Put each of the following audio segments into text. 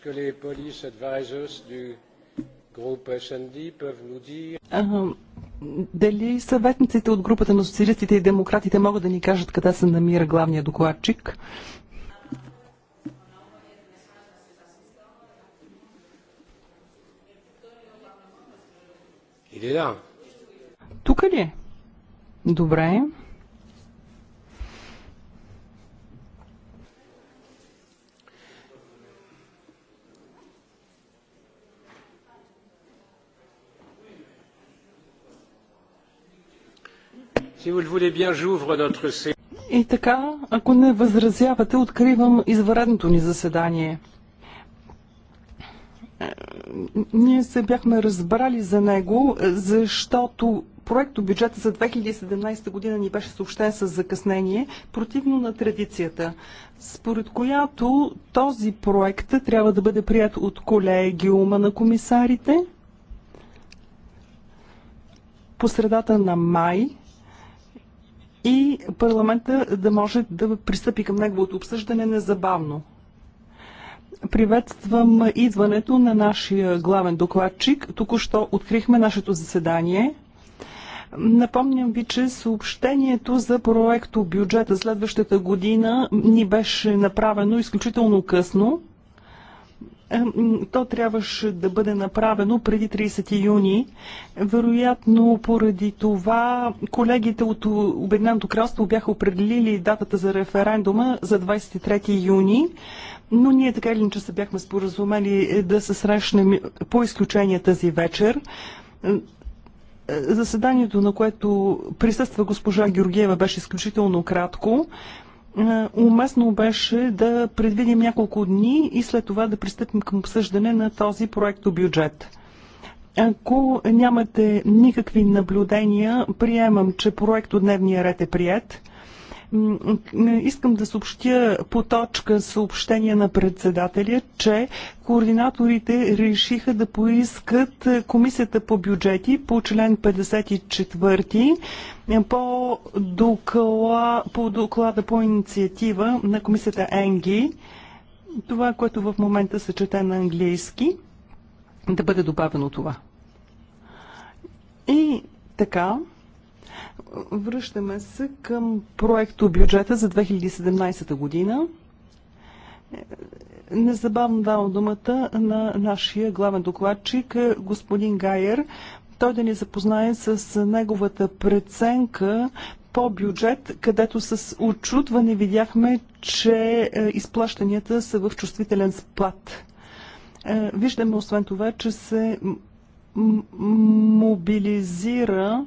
ce que les police advisors du groupe SND peuvent nous dire... Дали съветниците от групата на социалистите и демократите могат да ни кажат къде се намира главния докладчик? Тук ли е? Добре. И така, ако не възразявате, откривам извънредното ни заседание. Е, ние се бяхме разбрали за него, защото проекто бюджета за 2017 година ни беше съобщен с закъснение, противно на традицията, според която този проект трябва да бъде прият от колегиума на комисарите по средата на май и парламента да може да пристъпи към неговото обсъждане незабавно. Приветствам идването на нашия главен докладчик. Току-що открихме нашето заседание. Напомням ви, че съобщението за проекто бюджета следващата година ни беше направено изключително късно. То трябваше да бъде направено преди 30 юни. Вероятно, поради това колегите от Обединеното кралство бяха определили датата за референдума за 23 юни, но ние така или иначе се бяхме споразумели е, да се срещнем по изключение тази вечер. Е, заседанието, на което присъства госпожа Георгиева, беше изключително кратко. Е, уместно беше да предвидим няколко дни и след това да пристъпим към обсъждане на този проекто бюджет. Ако нямате никакви наблюдения, приемам, че проект от дневния ред е прият. Искам да съобщя по точка съобщение на председателя, че координаторите решиха да поискат Комисията по бюджети по член 54 по доклада, по доклада по инициатива на комисията ЕНГИ. Това, което в момента се чете на английски, да бъде добавено това. И така, връщаме се към проекто бюджета за 2017 година. Незабавно давам думата на нашия главен докладчик, господин Гайер, той да ни запознае с неговата преценка по бюджет, където с очудване видяхме, че е, изплащанията са в чувствителен сплат. Е, виждаме освен това, че се мобилизира е,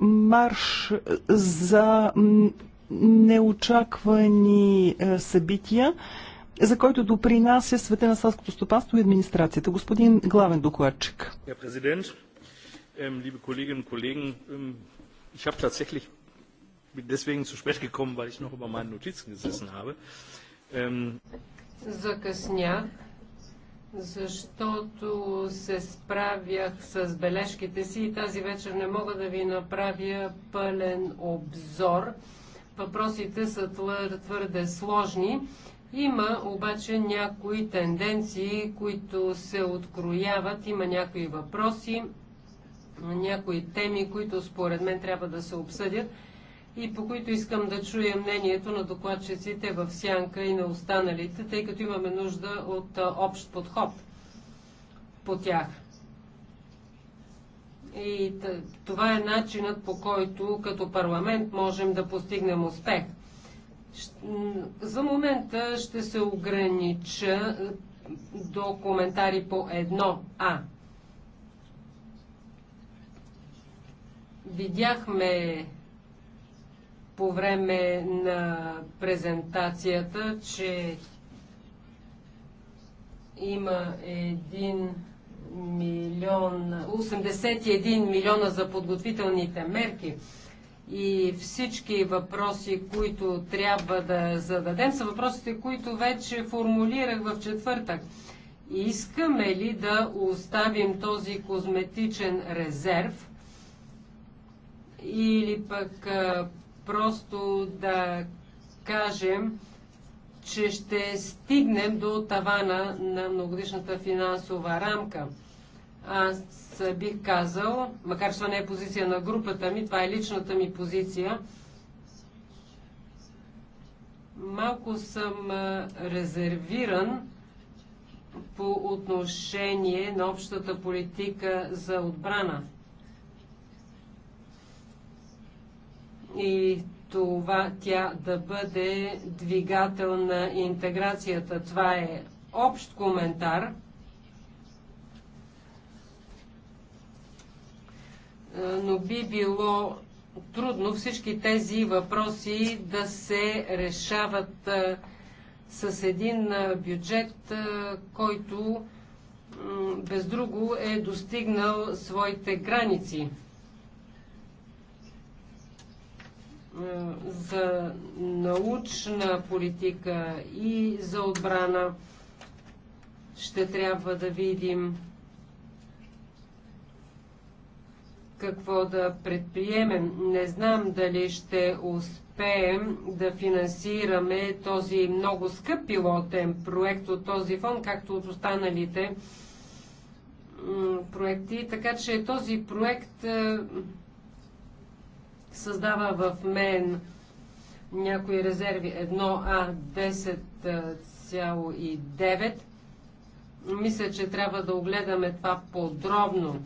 марш за неочаквани събития за който допринася света на селското стопанство и администрацията. Господин главен докладчик. Ähm, ähm, ich ähm, Закъснях, защото се справях с бележките си и тази вечер не мога да ви направя пълен обзор. Въпросите са твърде сложни има обаче някои тенденции, които се открояват, има някои въпроси, някои теми, които според мен трябва да се обсъдят и по които искам да чуя мнението на докладчиците в Сянка и на останалите, тъй като имаме нужда от общ подход по тях. И това е начинът по който като парламент можем да постигнем успех – за момента ще се огранича до коментари по едно а Видяхме по време на презентацията, че има 1 милион, 81 милиона за подготвителните мерки и всички въпроси, които трябва да зададем, са въпросите, които вече формулирах в четвъртък. Искаме ли да оставим този козметичен резерв или пък а, просто да кажем, че ще стигнем до тавана на многодишната финансова рамка? Аз бих казал, макар че това не е позиция на групата ми, това е личната ми позиция, малко съм резервиран по отношение на общата политика за отбрана. И това тя да бъде двигател на интеграцията. Това е общ коментар – Е, но би било трудно всички тези въпроси да се решават е, с един е, бюджет, който без друго е достигнал своите граници. За научна политика и за отбрана ще трябва да видим какво да предприемем. Не знам дали ще успеем да финансираме този много скъп пилотен проект от този фонд, както от останалите проекти. Така че този проект е, създава в мен някои резерви 1А 10,9. Мисля, че трябва да огледаме това подробно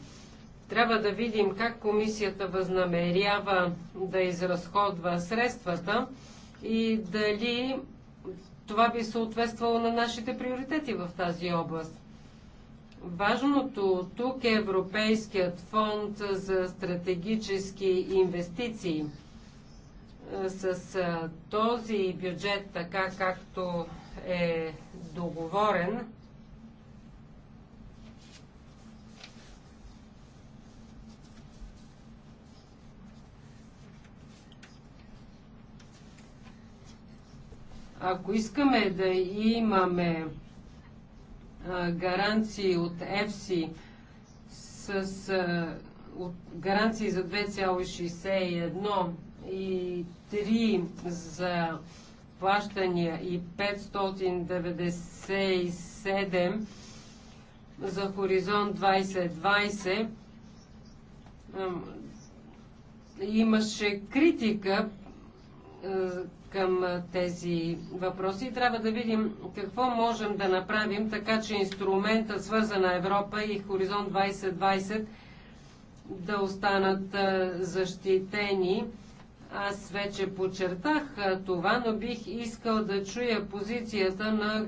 трябва да видим как комисията възнамерява да изразходва средствата и дали това би съответствало на нашите приоритети в тази област. Важното тук е Европейският фонд за стратегически инвестиции. С този бюджет, така както е договорен, Ако искаме да имаме гаранции от ЕФСИ с от гаранции за 2,61 и 3 за плащания и 597 за Хоризонт 2020 имаше критика към тези въпроси. Трябва да видим какво можем да направим, така че инструмента Свързана Европа и Хоризонт 2020 да останат защитени. Аз вече подчертах това, но бих искал да чуя позицията на,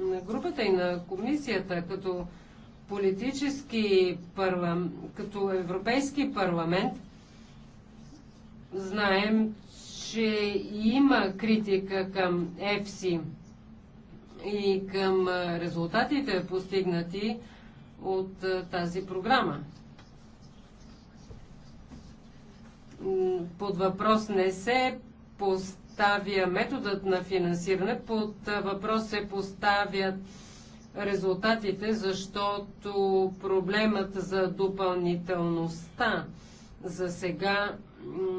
на групата и на комисията като политически парламент, като Европейски парламент знаем, че има критика към ЕФСИ и към резултатите постигнати от тази програма. Под въпрос не се поставя методът на финансиране, под въпрос се поставят резултатите, защото проблемът за допълнителността за сега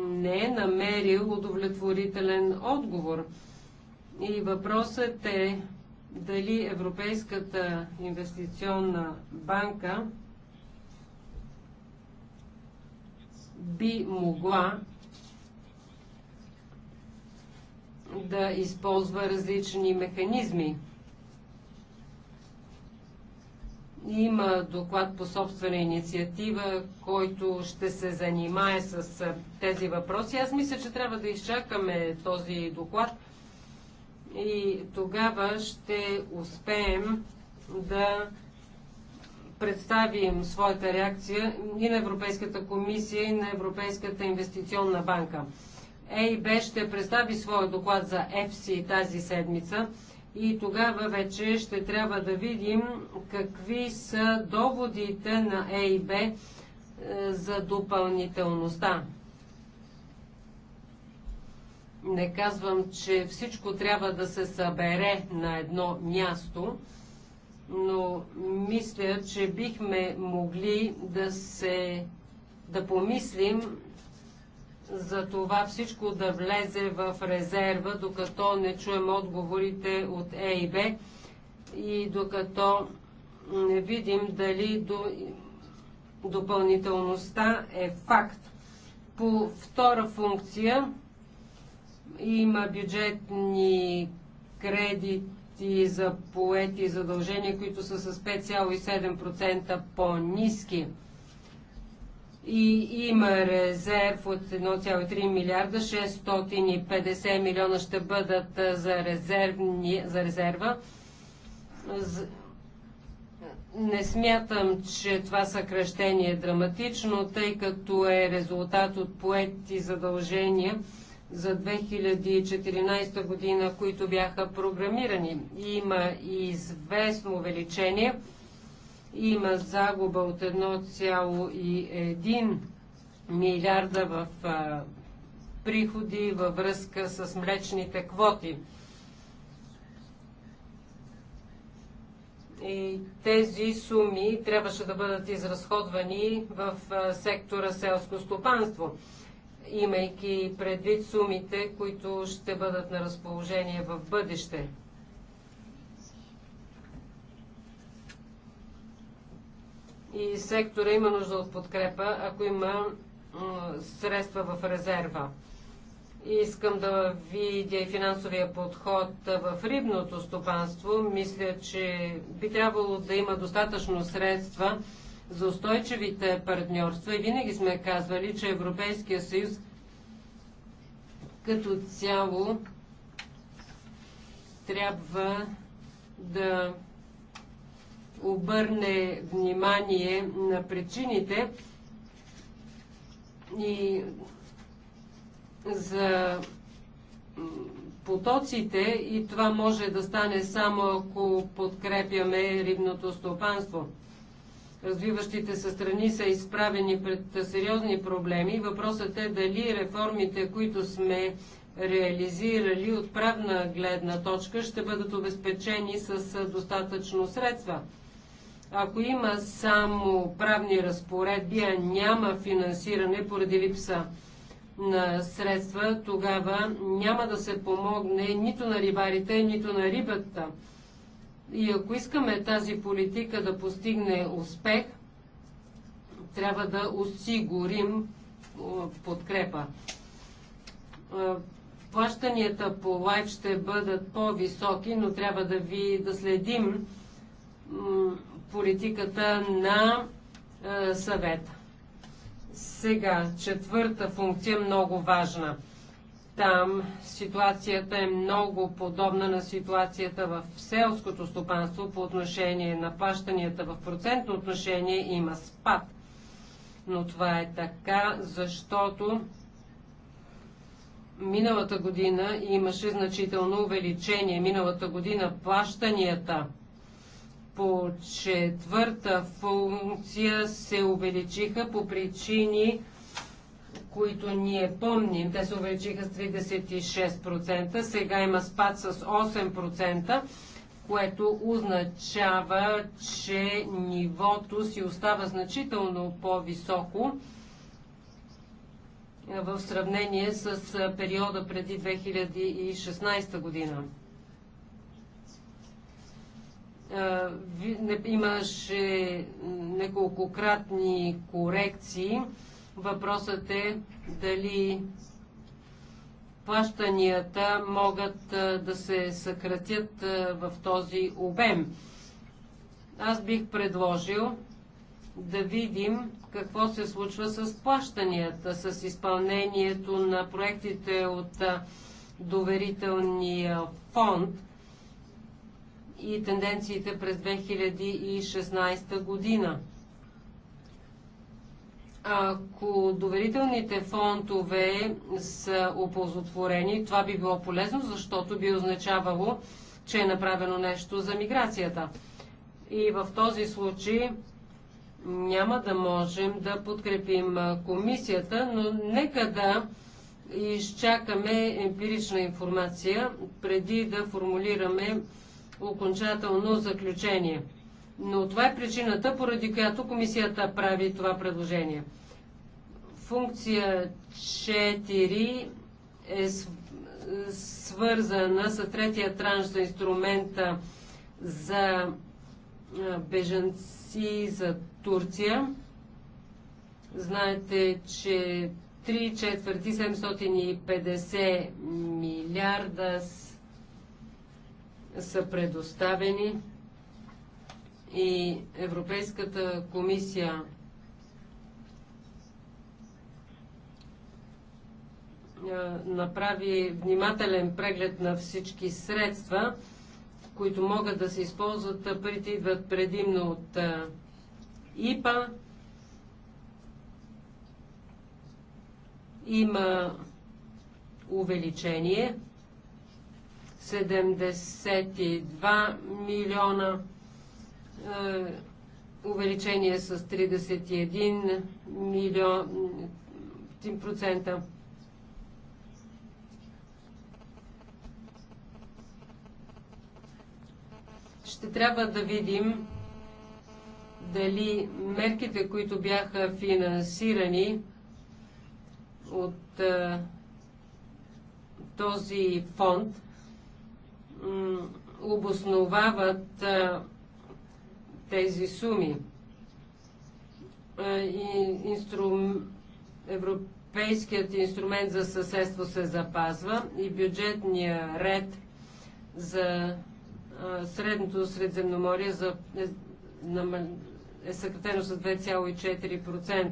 не е намерил удовлетворителен отговор. И въпросът е дали Европейската инвестиционна банка би могла да използва различни механизми. Има доклад по собствена инициатива, който ще се занимае с тези въпроси. Аз мисля, че трябва да изчакаме този доклад и тогава ще успеем да представим своята реакция и на Европейската комисия, и на Европейската инвестиционна банка. ЕИБ ще представи своя доклад за ЕФСИ тази седмица. И тогава вече ще трябва да видим какви са доводите на е Б е, за допълнителността. Не казвам, че всичко трябва да се събере на едно място, но мисля, че бихме могли да се да помислим за това всичко да влезе в резерва, докато не чуем отговорите от ЕИБ и докато не видим дали до... допълнителността е факт. По втора функция има бюджетни кредити за поети задължения, които са с 5,7% по-низки и има резерв от 1,3 милиарда, 650 милиона ще бъдат за, резервни, за резерва. Не смятам, че това съкръщение е драматично, тъй като е резултат от поети задължения за 2014 година, които бяха програмирани. Има и известно увеличение – има загуба от 1,1 милиарда в приходи във връзка с млечните квоти. И тези суми трябваше да бъдат изразходвани в сектора селско стопанство имайки предвид сумите, които ще бъдат на разположение в бъдеще. и сектора има нужда от подкрепа, ако има средства в резерва. Искам да видя и финансовия подход в рибното стопанство. Мисля, че би трябвало да има достатъчно средства за устойчивите партньорства и винаги сме казвали, че Европейския съюз като цяло трябва да обърне внимание на причините и за потоците и това може да стане само ако подкрепяме рибното стопанство. Развиващите се страни са изправени пред сериозни проблеми. Въпросът е дали реформите, които сме реализирали от правна гледна точка, ще бъдат обезпечени с достатъчно средства. Ако има само правни разпоредби, а няма финансиране поради липса на средства, тогава няма да се помогне нито на рибарите, нито на рибата. И ако искаме тази политика да постигне успех, трябва да осигурим подкрепа. Плащанията по лайф ще бъдат по-високи, но трябва да ви да следим политиката на е, съвета. Сега, четвърта функция, много важна. Там ситуацията е много подобна на ситуацията в селското стопанство по отношение на плащанията в процентно отношение има спад. Но това е така, защото миналата година имаше значително увеличение. Миналата година плащанията по четвърта функция се увеличиха по причини, които ние помним. Те се увеличиха с 36%, сега има спад с 8%, което означава, че нивото си остава значително по-високо в сравнение с периода преди 2016 година имаше неколкократни корекции. Въпросът е дали плащанията могат да се съкратят в този обем. Аз бих предложил да видим какво се случва с плащанията, с изпълнението на проектите от доверителния фонд – и тенденциите през 2016 година. Ако доверителните фондове са оползотворени, това би било полезно, защото би означавало, че е направено нещо за миграцията. И в този случай няма да можем да подкрепим комисията, но нека да изчакаме емпирична информация преди да формулираме окончателно заключение. Но това е причината, поради която комисията прави това предложение. Функция 4 е свързана с третия транш за инструмента за бежанци за Турция. Знаете, че 3 четвърти 750 милиарда са предоставени и Европейската комисия направи внимателен преглед на всички средства, които могат да се използват. Парите идват предимно от ИПА. Има увеличение 72 милиона е, увеличение с 31 милион процента. Ще трябва да видим дали мерките, които бяха финансирани от е, този фонд, обосновават а, тези суми. А, и инстру... Европейският инструмент за съседство се запазва и бюджетния ред за а, средното средземноморие за, е, е съкратено с 2,4%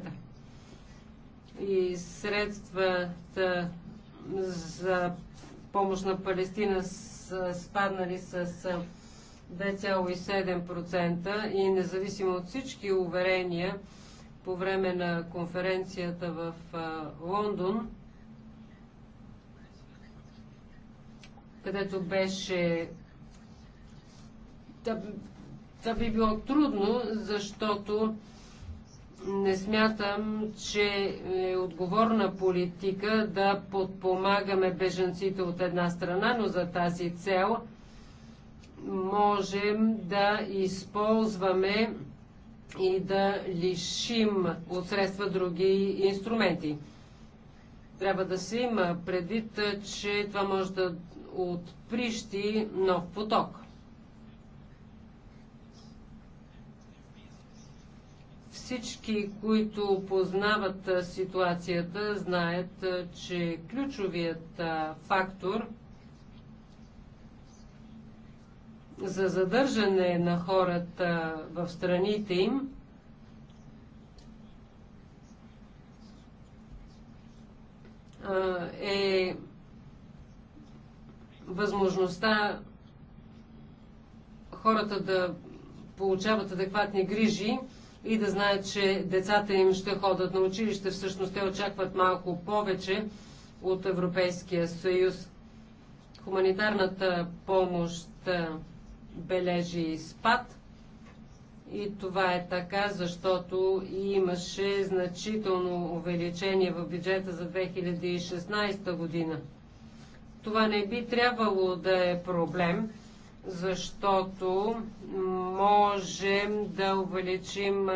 и средствата за помощ на Палестина са спаднали с 2,7% и независимо от всички уверения по време на конференцията в Лондон, където беше да, би било трудно, защото не смятам, че е отговорна политика да подпомагаме беженците от една страна, но за тази цел можем да използваме и да лишим от средства други инструменти. Трябва да се има предвид, че това може да отприщи нов поток. Всички, които познават ситуацията, знаят, че ключовият фактор за задържане на хората в страните им е възможността хората да получават адекватни грижи и да знаят, че децата им ще ходят на училище. Всъщност те очакват малко повече от Европейския съюз. Хуманитарната помощ бележи спад. И това е така, защото имаше значително увеличение в бюджета за 2016 година. Това не би трябвало да е проблем защото можем да увеличим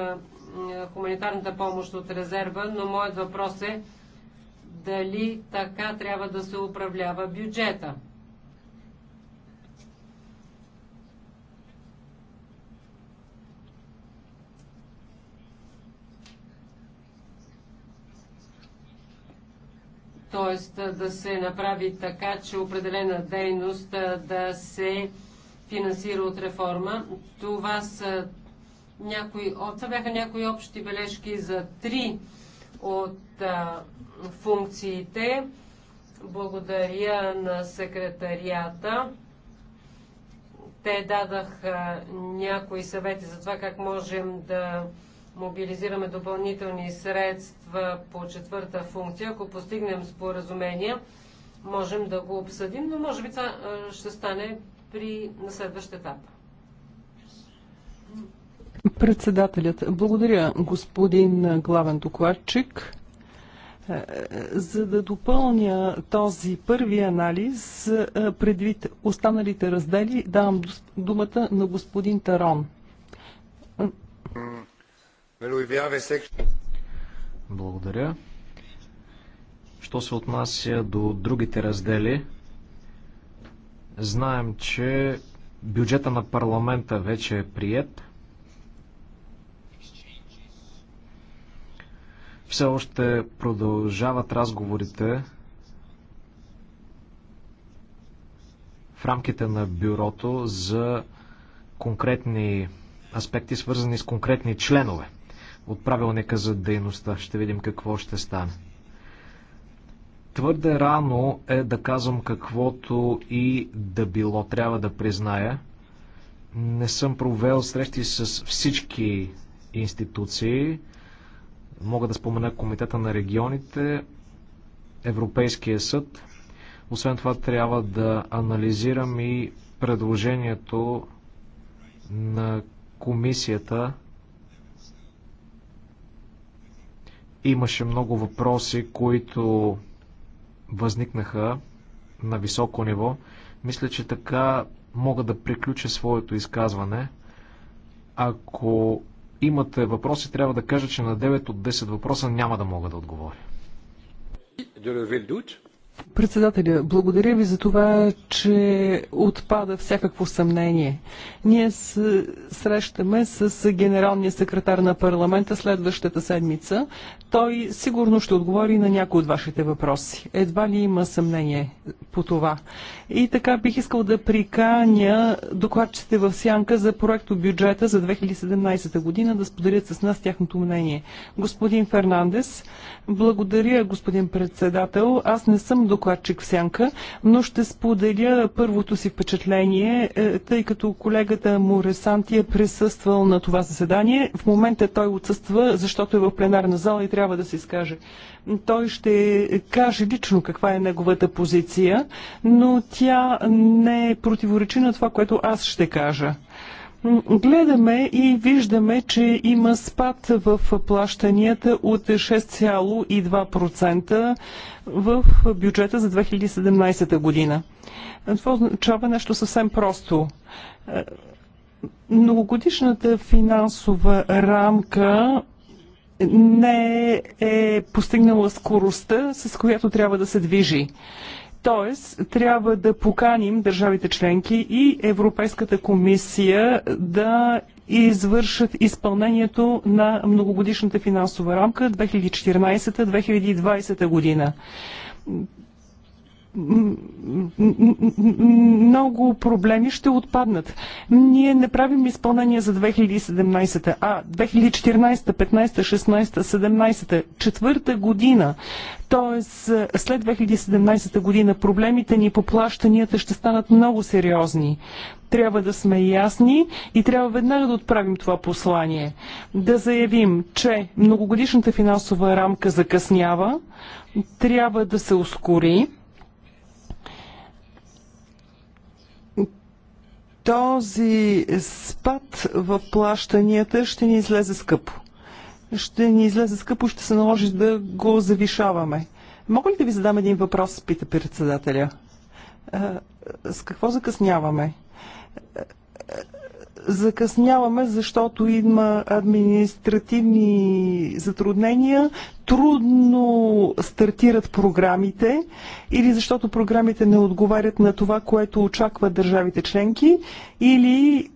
хуманитарната помощ от резерва, но моят въпрос е дали така трябва да се управлява бюджета. т.е. да се направи така, че определена дейност да се финансира от реформа. Това, са някои, това бяха някои общи бележки за три от а, функциите. Благодаря на секретарията. Те дадаха някои съвети за това как можем да мобилизираме допълнителни средства по четвърта функция. Ако постигнем споразумение, можем да го обсъдим, но може би това ще стане при, на следващ етап. Председателят, благодаря господин главен докладчик. Е, за да допълня този първи анализ, е, предвид останалите раздели, давам думата на господин Тарон. Благодаря. Що се отнася до другите раздели, Знаем, че бюджета на парламента вече е прият. Все още продължават разговорите в рамките на бюрото за конкретни аспекти, свързани с конкретни членове от правилника за дейността. Ще видим какво ще стане. Твърде рано е да казвам каквото и да било, трябва да призная. Не съм провел срещи с всички институции. Мога да спомена Комитета на регионите, Европейския съд. Освен това трябва да анализирам и предложението на комисията. Имаше много въпроси, които възникнаха на високо ниво. Мисля, че така мога да приключа своето изказване. Ако имате въпроси, трябва да кажа, че на 9 от 10 въпроса няма да мога да отговоря. Председателя, благодаря ви за това, че отпада всякакво съмнение. Ние срещаме с генералния секретар на парламента следващата седмица. Той сигурно ще отговори на някои от вашите въпроси. Едва ли има съмнение по това. И така бих искал да приканя докладчите в сянка за проекто бюджета за 2017 година да споделят с нас тяхното мнение. Господин Фернандес, благодаря, господин председател. Аз не съм докладчик в сянка, но ще споделя първото си впечатление, е, тъй като колегата Моресанти е присъствал на това заседание. В момента той отсъства, защото е в пленарна зала и трябва да се изкаже. Той ще каже лично каква е неговата позиция, но тя не противоречи на това, което аз ще кажа гледаме и виждаме, че има спад в плащанията от 6,2% в бюджета за 2017 година. Това означава нещо съвсем просто. Многогодишната финансова рамка не е постигнала скоростта, с която трябва да се движи. Тоест, трябва да поканим държавите членки и Европейската комисия да извършат изпълнението на многогодишната финансова рамка 2014-2020 година много проблеми ще отпаднат. Ние не правим изпълнение за 2017, а 2014, 15, 16, 17, 200-та година. Тоест, след 2017 година проблемите ни по плащанията ще станат много сериозни. Трябва да сме ясни и трябва веднага да отправим това послание. Да заявим, че многогодишната финансова рамка закъснява, трябва да се ускори, Този спад в плащанията ще ни излезе скъпо. Ще ни излезе скъпо, ще се наложи да го завишаваме. Мога ли да ви задам един въпрос, пита председателя? Е, с какво закъсняваме? Е, закъсняваме, защото има административни затруднения, трудно стартират програмите или защото програмите не отговарят на това, което очакват държавите членки или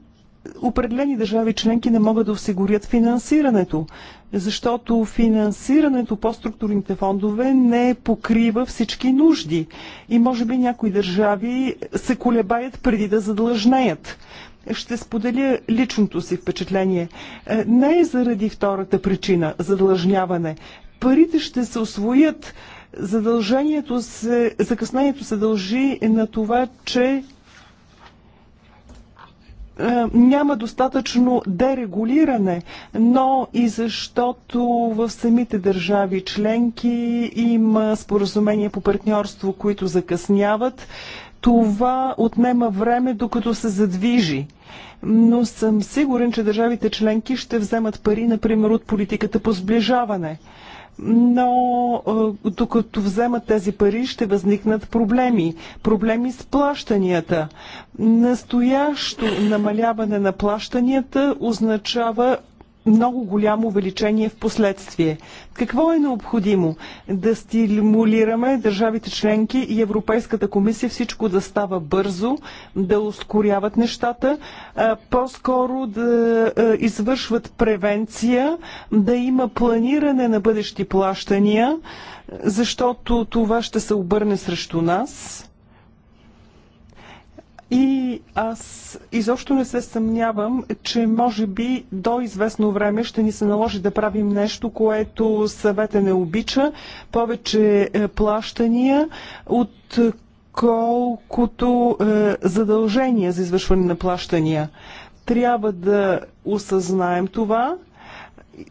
определени държави членки не могат да осигурят финансирането, защото финансирането по структурните фондове не покрива всички нужди и може би някои държави се колебаят преди да задлъжнеят ще споделя личното си впечатление. Е, не е заради втората причина – задлъжняване. Парите ще се освоят. Задължението се, закъснението се дължи на това, че е, няма достатъчно дерегулиране, но и защото в самите държави членки има споразумения по партньорство, които закъсняват това отнема време, докато се задвижи. Но съм сигурен, че държавите членки ще вземат пари, например, от политиката по сближаване. Но е, докато вземат тези пари, ще възникнат проблеми. Проблеми с плащанията. Настоящо намаляване на плащанията означава много голямо увеличение в последствие. Какво е необходимо? Да стимулираме държавите членки и Европейската комисия всичко да става бързо, да ускоряват нещата, по-скоро да извършват превенция, да има планиране на бъдещи плащания, защото това ще се обърне срещу нас. И аз изобщо не се съмнявам, че може би до известно време ще ни се наложи да правим нещо, което съвета не обича. Повече е, плащания от колкото е, задължения за извършване на плащания. Трябва да осъзнаем това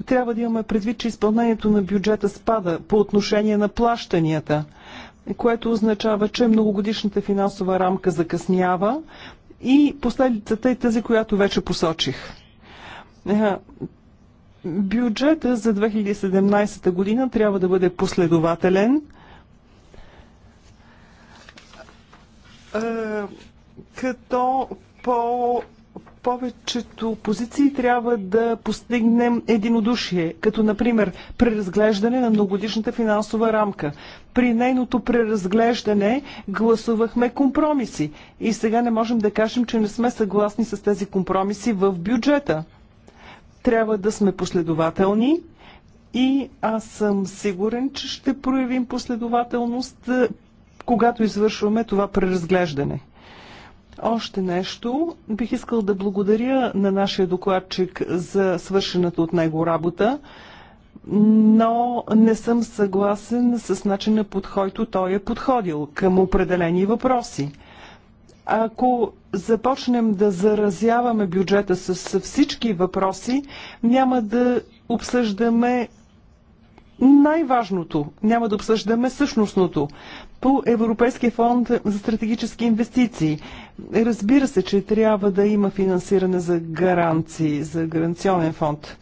трябва да имаме предвид, че изпълнението на бюджета спада по отношение на плащанията което означава, че многогодишната финансова рамка закъснява и последицата е тази, която вече посочих. Е, бюджета за 2017 година трябва да бъде последователен. Е, като по повечето позиции трябва да постигнем единодушие, като например преразглеждане на многодишната финансова рамка. При нейното преразглеждане гласувахме компромиси и сега не можем да кажем, че не сме съгласни с тези компромиси в бюджета. Трябва да сме последователни и аз съм сигурен, че ще проявим последователност, е, когато извършваме това преразглеждане. Още нещо. Бих искал да благодаря на нашия докладчик за свършената от него работа, но не съм съгласен с начина под който той е подходил към определени въпроси. Ако започнем да заразяваме бюджета с всички въпроси, няма да обсъждаме най-важното. Няма да обсъждаме същностното по Европейския фонд за стратегически инвестиции. Разбира се, че трябва да има финансиране за гаранции, за гаранционен фонд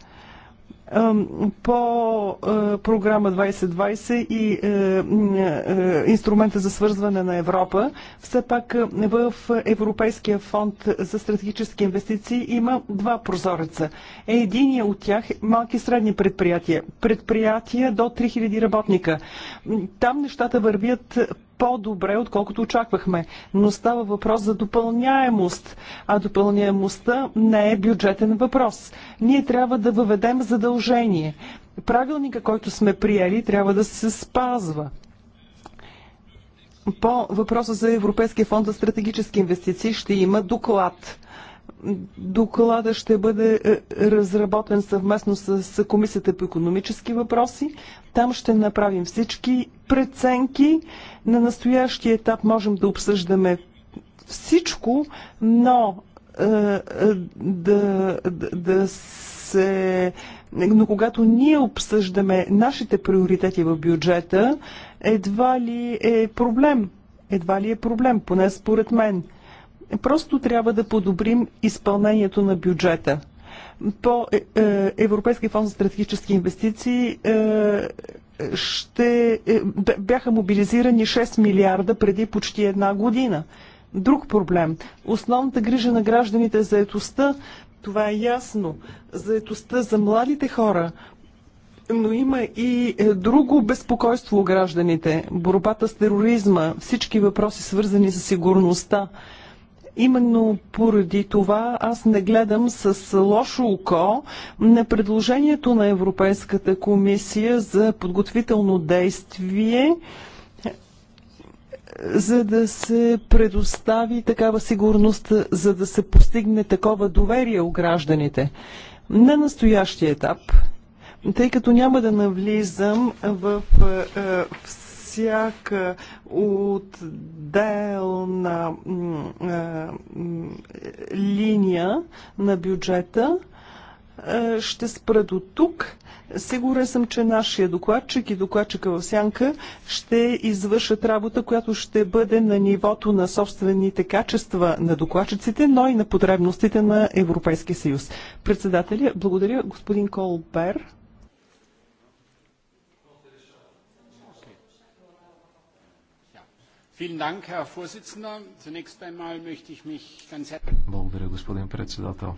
по е, програма 2020 и е, е, инструмента за свързване на Европа. Все пак в Европейския фонд за стратегически инвестиции има два прозореца. Единият от тях – е малки и средни предприятия. Предприятия до 3000 работника. Там нещата вървят по-добре, отколкото очаквахме. Но става въпрос за допълняемост, а допълняемостта не е бюджетен въпрос. Ние трябва да въведем задължение. Правилника, който сме приели, трябва да се спазва. По въпроса за Европейския фонд за стратегически инвестиции ще има доклад Доклада ще бъде е, разработен съвместно с Комисията по економически въпроси. Там ще направим всички преценки. На настоящия етап можем да обсъждаме всичко, но е, е, да, да, да се. Но когато ние обсъждаме нашите приоритети в бюджета, едва ли е проблем. Едва ли е проблем, поне според мен. Просто трябва да подобрим изпълнението на бюджета. По е, е, Европейския фонд за стратегически инвестиции е, ще бяха мобилизирани 6 милиарда преди почти една година. Друг проблем. Основната грижа на гражданите е заетостта. Това е ясно. Заетостта за младите хора. Но има и друго безпокойство у гражданите. Борбата с тероризма, всички въпроси свързани с сигурността. Именно поради това аз не гледам с лошо око на предложението на Европейската комисия за подготвително действие за да се предостави такава сигурност, за да се постигне такова доверие у гражданите. На настоящия етап, тъй като няма да навлизам в, е, в всяка отделна линия на бюджета. Ще спра до тук. Сигурен съм, че нашия докладчик и докладчика в Сянка ще извършат работа, която ще бъде на нивото на собствените качества на докладчиците, но и на потребностите на Европейския съюз. Председателя, благодаря господин Колбер. Благодаря, господин председател.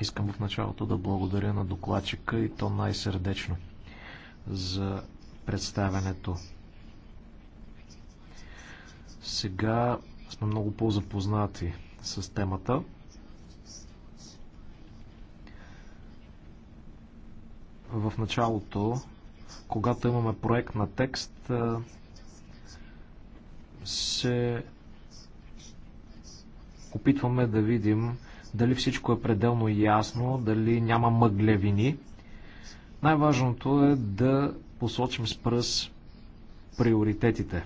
Искам в началото да благодаря на докладчика и то най-сърдечно за представянето. Сега сме много по-запознати с темата. В началото, когато имаме проект на текст, се опитваме да видим дали всичко е пределно ясно, дали няма мъглевини. Най-важното е да посочим с пръст приоритетите.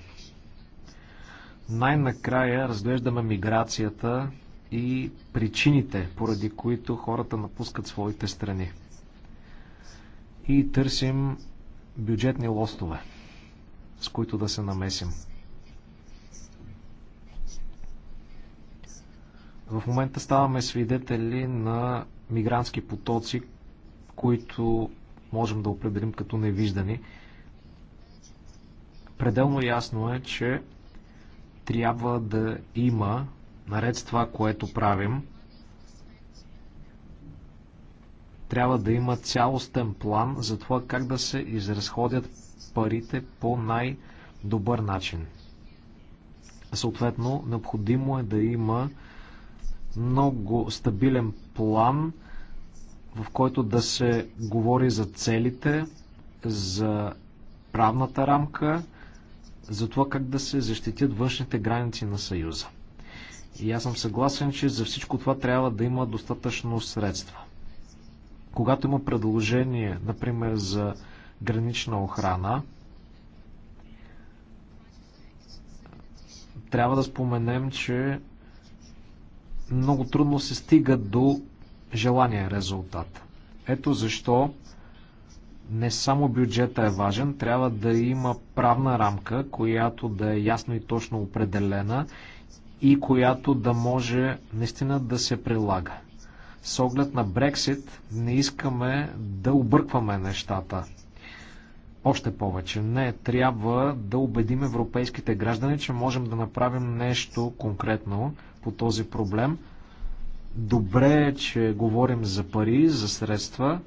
Най-накрая разглеждаме миграцията и причините, поради които хората напускат своите страни. И търсим бюджетни лостове, с които да се намесим. В момента ставаме свидетели на мигрантски потоци, които можем да определим като невиждани. Пределно ясно е, че трябва да има, наред с това, което правим, трябва да има цялостен план за това как да се изразходят парите по най-добър начин. Съответно, необходимо е да има много стабилен план, в който да се говори за целите, за правната рамка, за това как да се защитят външните граници на Съюза. И аз съм съгласен, че за всичко това трябва да има достатъчно средства. Когато има предложение, например, за гранична охрана, трябва да споменем, че много трудно се стига до желания резултат. Ето защо не само бюджета е важен, трябва да има правна рамка, която да е ясно и точно определена и която да може наистина да се прилага. С оглед на Брексит не искаме да объркваме нещата. Още повече, не, трябва да убедим европейските граждани, че можем да направим нещо конкретно по този проблем. Добре е, че говорим за пари, за средства,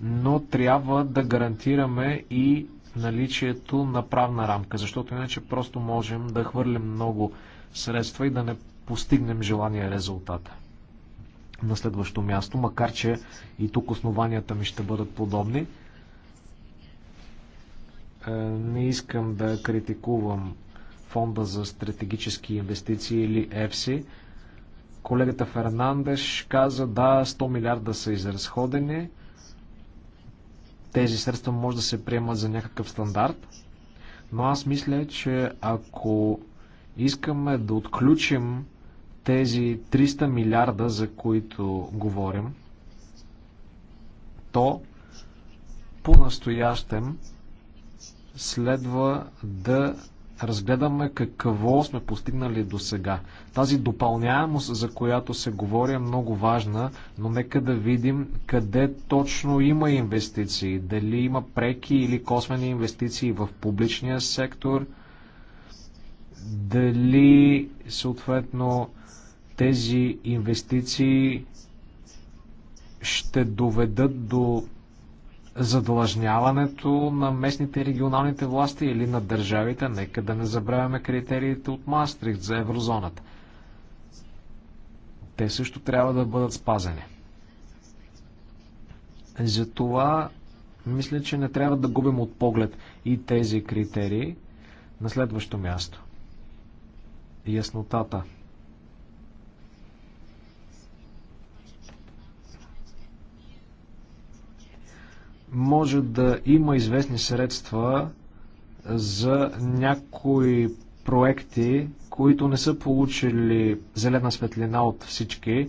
но трябва да гарантираме и наличието на правна рамка, защото иначе просто можем да хвърлим много средства и да не постигнем желания резултат. На следващо място, макар че и тук основанията ми ще бъдат подобни, е, не искам да критикувам фонда за стратегически инвестиции или ЕФСИ. Колегата Фернандеш каза, да, 100 милиарда са изразходени. Тези средства може да се приемат за някакъв стандарт. Но аз мисля, че ако искаме да отключим тези 300 милиарда, за които говорим, то по-настоящем следва да разгледаме какво сме постигнали до сега. Тази допълняемост, за която се говори, е много важна, но нека да видим къде точно има инвестиции. Дали има преки или косвени инвестиции в публичния сектор, дали съответно тези инвестиции ще доведат до задлъжняването на местните и регионалните власти или на държавите. Нека да не забравяме критериите от Мастрихт за еврозоната. Те също трябва да бъдат спазени. Затова мисля, че не трябва да губим от поглед и тези критерии на следващо място. Яснотата може да има известни средства за някои проекти, които не са получили зелена светлина от всички.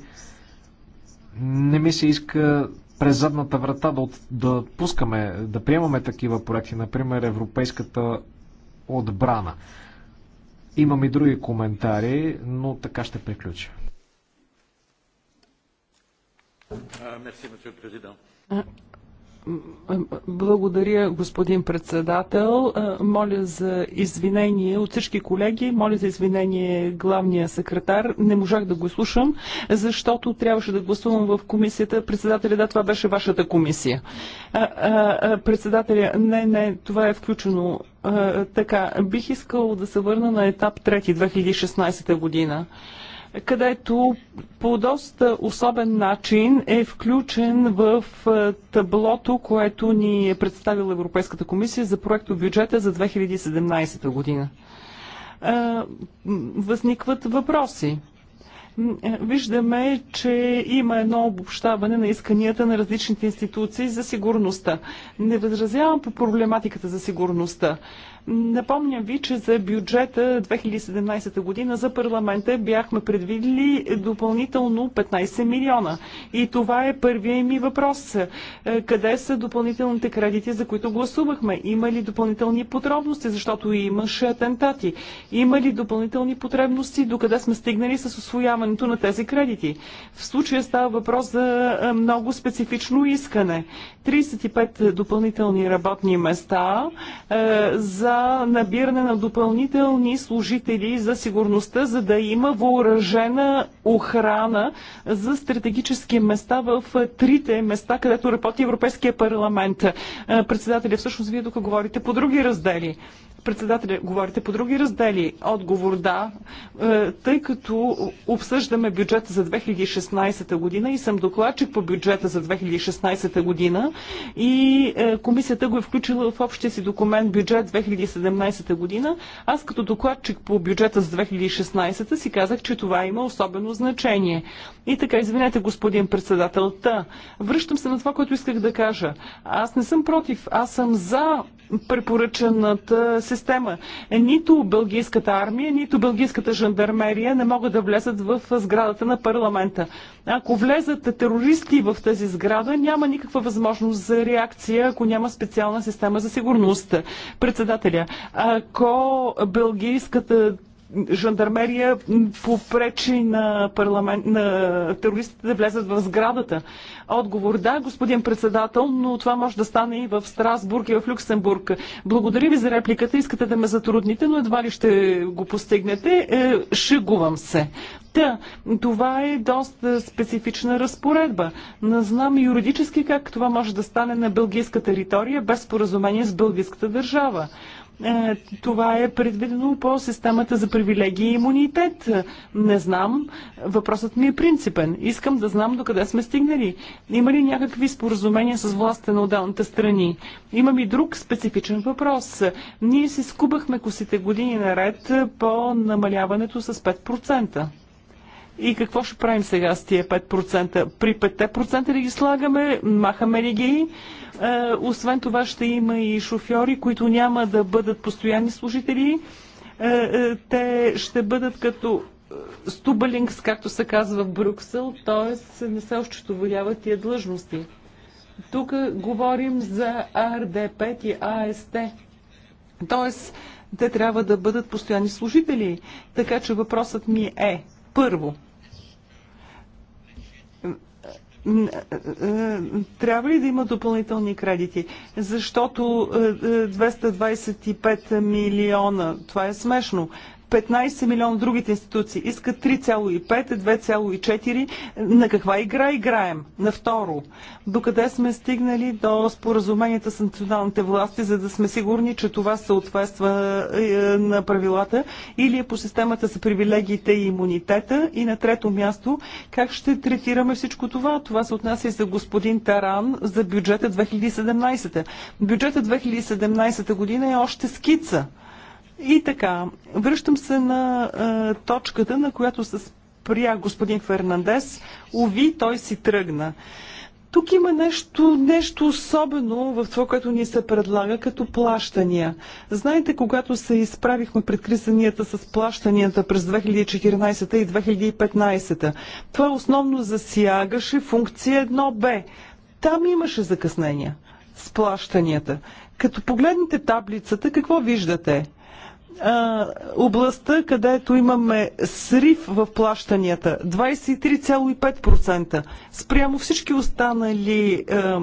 Не ми се иска през задната врата да, да пускаме, да приемаме такива проекти, например Европейската отбрана. Имам и други коментари, но така ще приключа. Благодаря, господин председател. Моля за извинение от всички колеги. Моля за извинение главния секретар. Не можах да го слушам, защото трябваше да гласувам в комисията. Председателя, да, това беше вашата комисия. Председателя, не, не, това е включено. Така, бих искал да се върна на етап 3 2016 година където по доста особен начин е включен в е, таблото, което ни е представила Европейската комисия за проекто бюджета за 2017 година. Е, възникват въпроси е, виждаме, че има едно обобщаване на исканията на различните институции за сигурността. Не възразявам по проблематиката за сигурността. Напомням ви, че за бюджета 2017 година за парламента бяхме предвидили допълнително 15 милиона. И това е първия ми въпрос. Е, къде са допълнителните кредити, за които гласувахме? Има ли допълнителни подробности, защото имаше атентати? Има ли допълнителни потребности, докъде сме стигнали с освояването на тези кредити? В случая става въпрос за е, много специфично искане. 35 допълнителни работни места е, за набиране на допълнителни служители за сигурността, за да има въоръжена охрана за стратегически места в трите места, където работи Европейския парламент. Председателя, всъщност вие тук говорите по други раздели председателя, говорите по други раздели. Отговор да, тъй като обсъждаме бюджета за 2016 година и съм докладчик по бюджета за 2016 година и комисията го е включила в общия си документ бюджет 2017 година, аз като докладчик по бюджета за 2016 си казах, че това има особено значение. И така, извинете, господин председател, та, връщам се на това, което исках да кажа. Аз не съм против, аз съм за препоръчената система. Е, нито бългийската армия, нито бългийската жандармерия не могат да влезат в сградата на парламента. Ако влезат терористи в тази сграда, няма никаква възможност за реакция, ако няма специална система за сигурността. Председателя благодаря. Ако бългийската жандармерия попречи на, парламент, на терористите да влезат в сградата. Отговор да, господин председател, но това може да стане и в Страсбург и в Люксембург. Благодаря ви за репликата. Искате да ме затрудните, но едва ли ще го постигнете. Е, шегувам се. Та, да, това е доста специфична разпоредба. Не знам юридически как това може да стане на бългийска територия без споразумение с бългийската държава. Е, това е предвидено по системата за привилегии и имунитет. Не знам. Въпросът ми е принципен. Искам да знам докъде сме стигнали. Има ли някакви споразумения с властта на отделните страни? Имам и друг специфичен въпрос. Ние си скубахме косите години наред по намаляването с 5%. И какво ще правим сега с тия 5%? При 5% ли ги слагаме? Махаме ли ги? Е, освен това ще има и шофьори, които няма да бъдат постоянни служители. Е, е, те ще бъдат като стубалингс, както се казва в Брюксел, т.е. не се ощетоваряват тия длъжности. Тук говорим за АРД5 и АСТ. Т.е. те трябва да бъдат постоянни служители. Така че въпросът ми е – първо, трябва ли да има допълнителни кредити? Защото 225 е, е, милиона, това е смешно. 15 милиона другите институции искат 3,5, 2,4. На каква игра играем? На второ. Докъде сме стигнали до споразуменията с националните власти, за да сме сигурни, че това съответства е, е, на правилата или е по системата за привилегиите и имунитета? И на трето място, как ще третираме всичко това? Това се отнася и за господин Таран за бюджета 2017. Бюджета 2017 година е още скица. И така, връщам се на а, точката, на която се спря господин Фернандес. Ови, той си тръгна. Тук има нещо, нещо особено в това, което ни се предлага като плащания. Знаете, когато се изправихме пред кризанията с плащанията през 2014 и 2015, това основно засягаше функция 1Б. Там имаше закъснения с плащанията. Като погледнете таблицата, какво виждате? областта, където имаме срив в плащанията 23,5% спрямо всички останали а,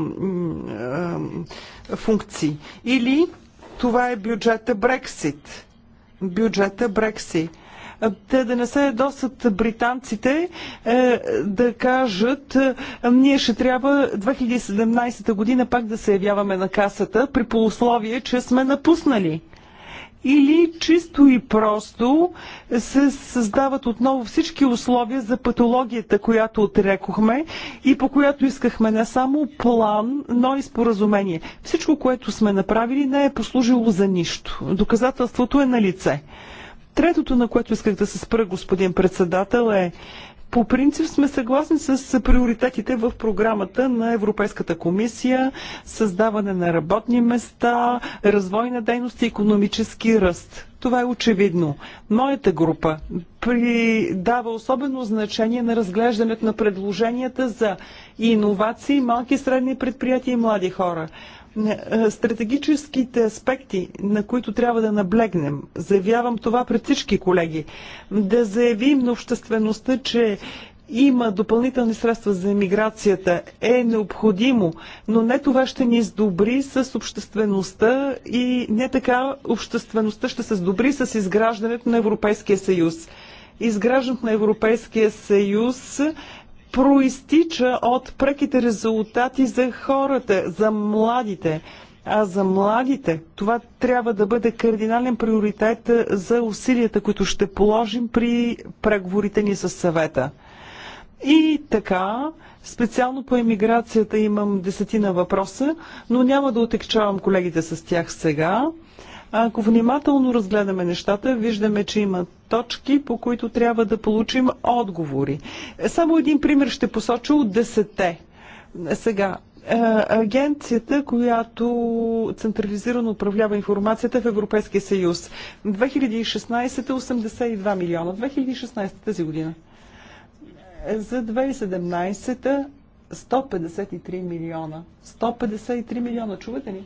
а, функции. Или това е бюджета Брексит. Бюджета Брексит те да не се досат британците е, да кажат е, ние ще трябва 2017 година пак да се явяваме на касата при полусловие, че сме напуснали или чисто и просто се създават отново всички условия за патологията, която отрекохме и по която искахме не само план, но и споразумение. Всичко, което сме направили, не е послужило за нищо. Доказателството е на лице. Третото, на което исках да се спра, господин председател, е по принцип сме съгласни с приоритетите в програмата на Европейската комисия, създаване на работни места, развойна дейност и економически ръст. Това е очевидно. Моята група придава особено значение на разглеждането на предложенията за иновации, малки и средни предприятия и млади хора. Стратегическите аспекти, на които трябва да наблегнем, заявявам това пред всички колеги, да заявим на обществеността, че има допълнителни средства за емиграцията е необходимо, но не това ще ни сдобри с обществеността и не така обществеността ще се сдобри с изграждането на Европейския съюз. Изграждането на Европейския съюз проистича от преките резултати за хората, за младите. А за младите това трябва да бъде кардинален приоритет за усилията, които ще положим при преговорите ни с съвета. И така, специално по емиграцията имам десетина въпроса, но няма да отекчавам колегите с тях сега. Ако внимателно разгледаме нещата, виждаме, че има точки, по които трябва да получим отговори. Е, само един пример ще посоча от десете. Сега, е, агенцията, която централизирано управлява информацията в Европейския съюз. 2016 82 милиона. 2016 тази година. За 2017 153 милиона. 153 милиона, чувате ли?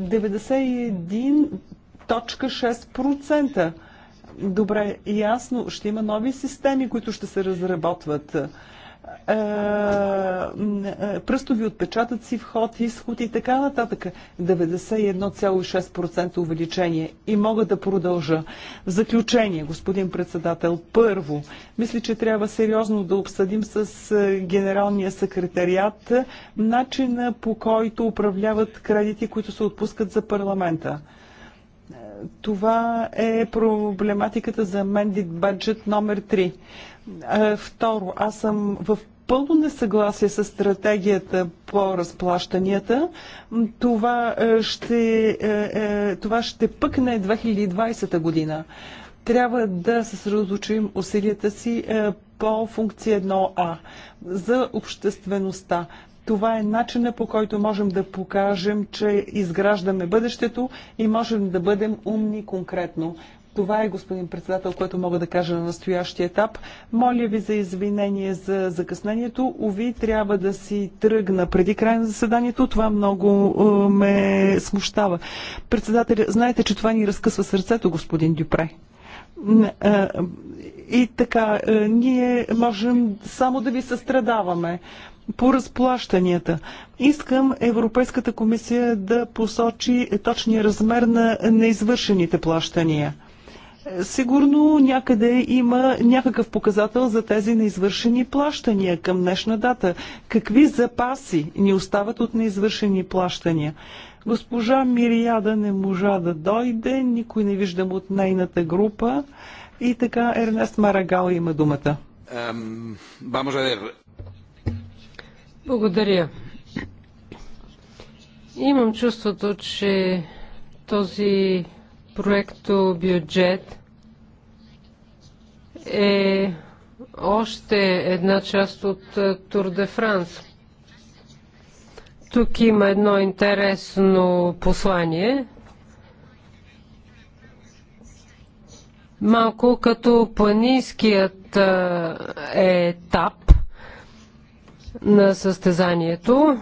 91.6%. Добре, ясно, ще има нови системи, които ще се разработват. Е, е, пръстови отпечатъци, вход, изход и така нататък. 91,6% увеличение. И мога да продължа. В заключение, господин председател, първо, мисля, че трябва сериозно да обсъдим с е, генералния секретариат начина по който управляват кредити, които се отпускат за парламента. Това е проблематиката за Mended Budget номер 3. Е, второ, аз съм в пълно несъгласие с стратегията по разплащанията. Това е, ще, е, това ще пъкне 2020 година. Трябва да съсредоточим усилията си по функция 1А за обществеността. Това е начина по който можем да покажем, че изграждаме бъдещето и можем да бъдем умни конкретно. Това е, господин председател, което мога да кажа на настоящия етап. Моля ви за извинение за закъснението. Ови, трябва да си тръгна преди края на заседанието. Това много е, ме смущава. Председател, знаете, че това ни разкъсва сърцето, господин Дюпре. Е, и така, е, ние можем само да ви състрадаваме по разплащанията. Искам Европейската комисия да посочи точния размер на неизвършените плащания – Сигурно някъде има някакъв показател за тези неизвършени плащания към днешна дата. Какви запаси ни остават от неизвършени плащания? Госпожа Мирияда не можа да дойде, никой не виждам от нейната група. И така Ернест Марагал има думата. Благодаря. Имам чувството, че този проекто бюджет е още една част от е, Тур де Франс. Тук има едно интересно послание. Малко като планинският е, етап на състезанието.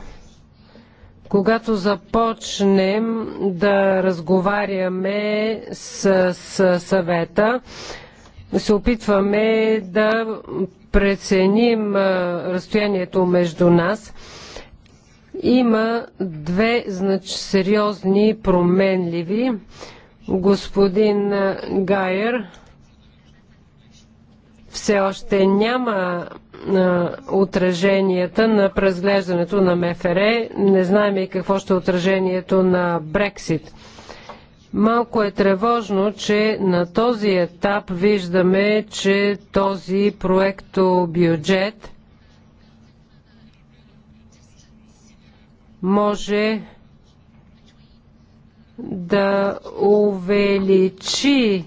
Когато започнем да разговаряме с, с съвета, се опитваме да преценим разстоянието между нас. Има две знач, сериозни променливи. Господин Гайер все още няма отраженията на преразглеждането на МФР. Не знаем и какво ще е отражението на Брексит. Малко е тревожно, че на този етап виждаме, че този проекто бюджет може да увеличи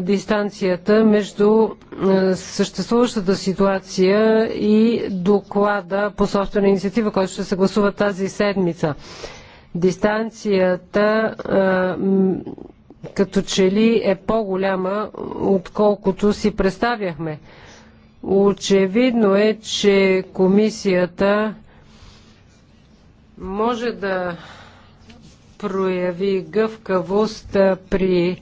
дистанцията между съществуващата ситуация и доклада по собствена инициатива, който ще се гласува тази седмица. Дистанцията като че ли е по-голяма, отколкото си представяхме. Очевидно е, че комисията може да прояви гъвкавост при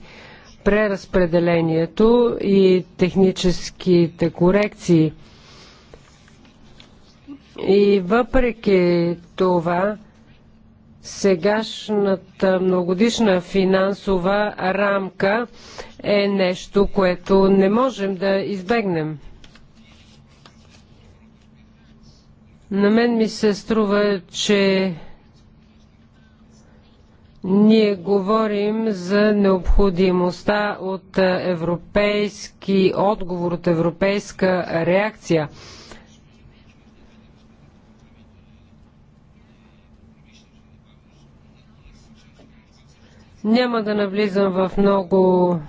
преразпределението и техническите корекции. И въпреки това, сегашната многодишна финансова рамка е нещо, което не можем да избегнем. На мен ми се струва, че ние говорим за необходимостта от е, европейски отговор, от европейска реакция. Няма да навлизам в много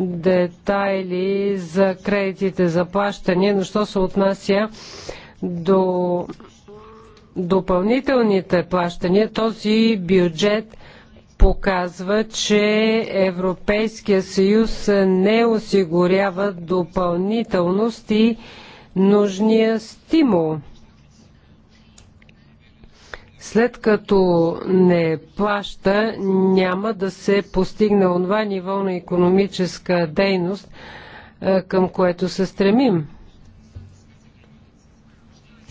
детайли за кредитите за плащане, но що се отнася до допълнителните плащания, този бюджет показва, че Европейския съюз не осигурява допълнителност и нужния стимул. След като не плаща, няма да се постигне онова ниво на економическа дейност, към което се стремим.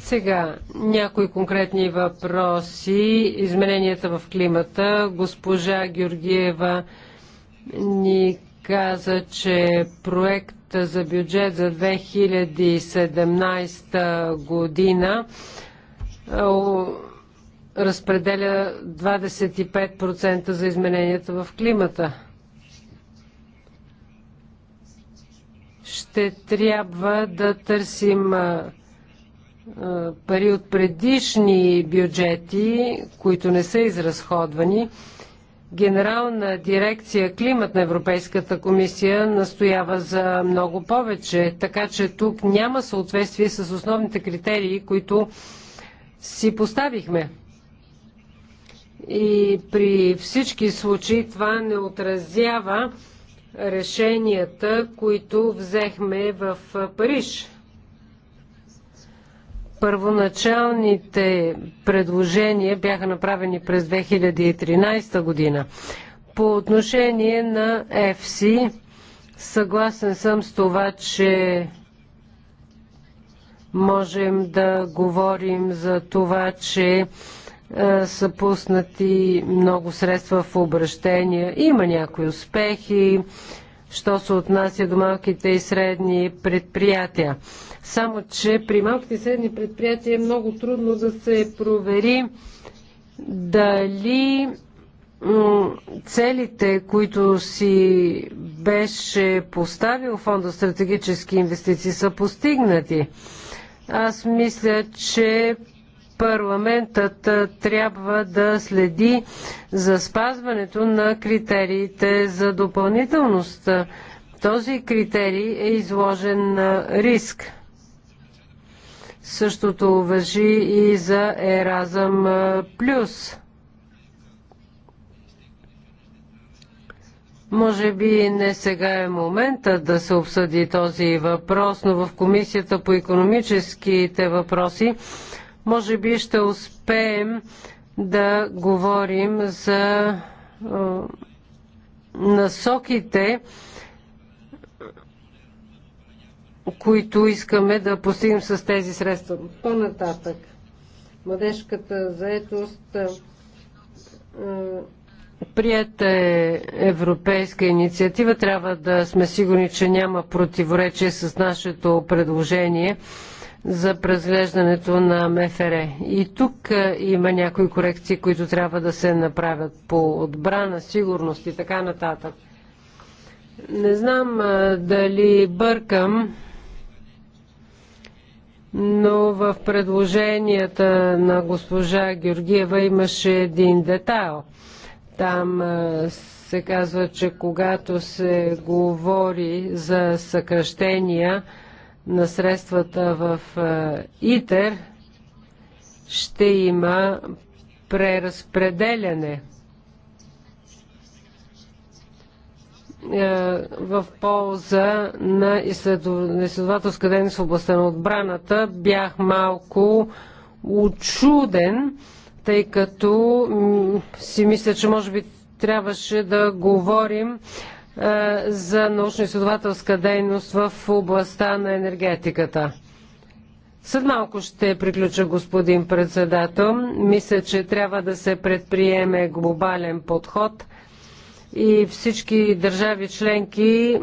Сега някои конкретни въпроси. Измененията в климата. Госпожа Георгиева ни каза, че проект за бюджет за 2017 година разпределя 25% за измененията в климата. Ще трябва да търсим пари от предишни бюджети, които не са изразходвани. Генерална дирекция Климат на Европейската комисия настоява за много повече, така че тук няма съответствие с основните критерии, които си поставихме. И при всички случаи това не отразява решенията, които взехме в Париж Първоначалните предложения бяха направени през 2013 година. По отношение на ЕФСИ, съгласен съм с това, че можем да говорим за това, че е, са пуснати много средства в обращения. Има някои успехи, що се отнася до малките и средни предприятия. Само, че при малките и средни предприятия е много трудно да се провери дали целите, които си беше поставил фонда стратегически инвестиции, са постигнати. Аз мисля, че парламентът трябва да следи за спазването на критериите за допълнителност. Този критерий е изложен на риск. Същото въжи и за Еразъм Плюс. Може би не сега е момента да се обсъди този въпрос, но в Комисията по економическите въпроси може би ще успеем да говорим за насоките, които искаме да постигнем с тези средства. По-нататък, младежката заетост прията е европейска инициатива. Трябва да сме сигурни, че няма противоречие с нашето предложение за презглеждането на МФР. И тук е, има някои корекции, които трябва да се направят по отбрана, сигурност и така нататък. Не знам е, дали бъркам, но в предложенията на госпожа Георгиева имаше един детайл. Там е, се казва, че когато се говори за съкръщения, на средствата в е, ИТЕР ще има преразпределяне е, в полза на изследователска дейност в областта на отбраната. Бях малко очуден, тъй като си мисля, че може би трябваше да говорим е, за научно-изследователска дейност в областта на енергетиката. След малко ще приключа, господин председател. Мисля, че трябва да се предприеме глобален подход и всички държави членки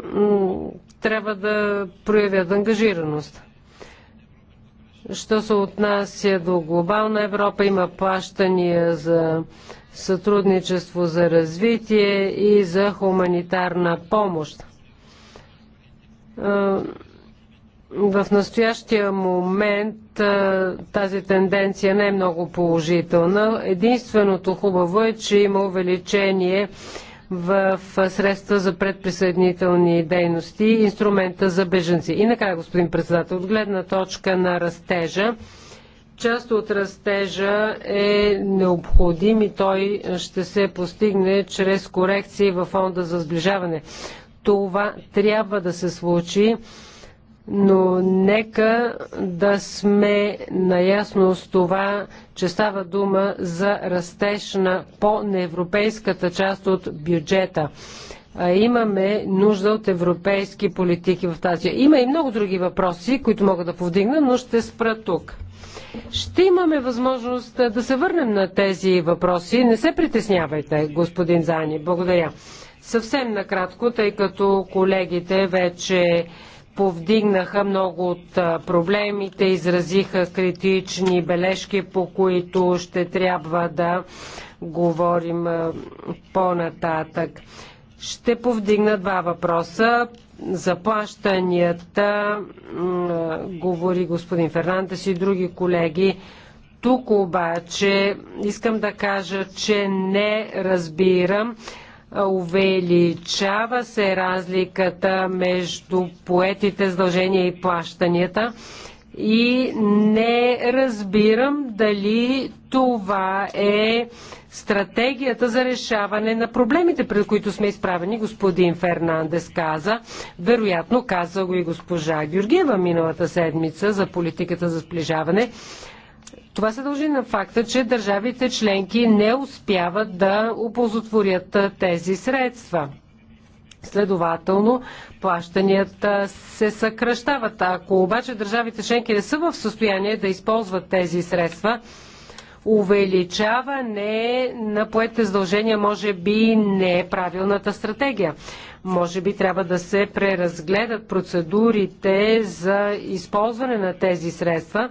трябва да проявят ангажираност. Що се отнася до глобална Европа, има плащания за сътрудничество за развитие и за хуманитарна помощ. В настоящия момент тази тенденция не е много положителна. Единственото хубаво е, че има увеличение в средства за предприсъединителни дейности, и инструмента за беженци. И накрая, господин председател, от гледна точка на растежа, Част от растежа е необходим и той ще се постигне чрез корекции във фонда за сближаване. Това трябва да се случи, но нека да сме наясно с това, че става дума за растеж на по-неевропейската част от бюджета имаме нужда от европейски политики в тази. Има и много други въпроси, които мога да повдигна, но ще спра тук. Ще имаме възможност да се върнем на тези въпроси. Не се притеснявайте, господин Зани. Благодаря. Съвсем накратко, тъй като колегите вече повдигнаха много от проблемите, изразиха критични бележки, по които ще трябва да говорим по-нататък. Ще повдигна два въпроса. Заплащанията, говори господин Фернандес и други колеги. Тук обаче искам да кажа, че не разбирам. Увеличава се разликата между поетите задължения и плащанията. И не разбирам дали това е стратегията за решаване на проблемите, пред които сме изправени, господин Фернандес каза. Вероятно каза го и госпожа Георгиева миналата седмица за политиката за сближаване. Това се дължи на факта, че държавите членки не успяват да оползотворят тези средства. Следователно, плащанията се съкръщават. Ако обаче държавите членки не са в състояние да използват тези средства, увеличаване на поетите задължения може би не е правилната стратегия. Може би трябва да се преразгледат процедурите за използване на тези средства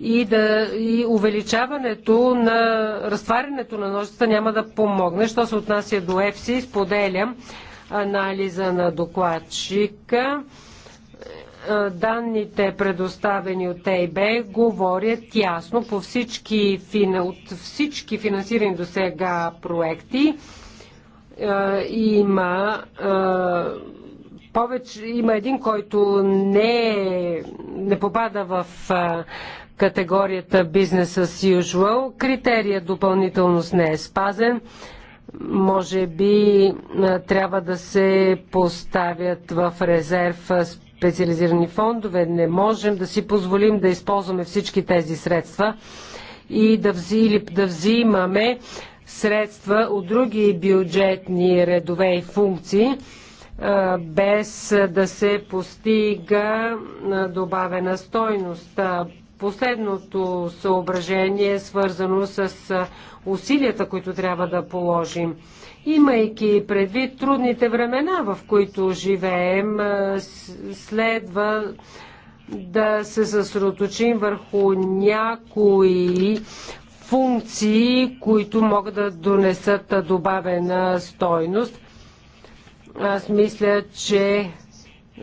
и, да, и увеличаването на разтварянето на ножицата няма да помогне. Що се отнася до ЕФСИ, споделям анализа на докладчика. Е, данните, предоставени от ЕИБ, говорят ясно по всички, от всички финансирани до сега проекти. Е, има е, повече, има един, който не, не попада в категорията бизнес as usual. Критерия допълнителност не е спазен може би трябва да се поставят в резерв специализирани фондове. Не можем да си позволим да използваме всички тези средства и да, вз... или да взимаме средства от други бюджетни редове и функции, без да се постига добавена стойност. Последното съображение е свързано с усилията, които трябва да положим. Имайки предвид трудните времена, в които живеем, следва да се съсредоточим върху някои функции, които могат да донесат добавена стойност. Аз мисля, че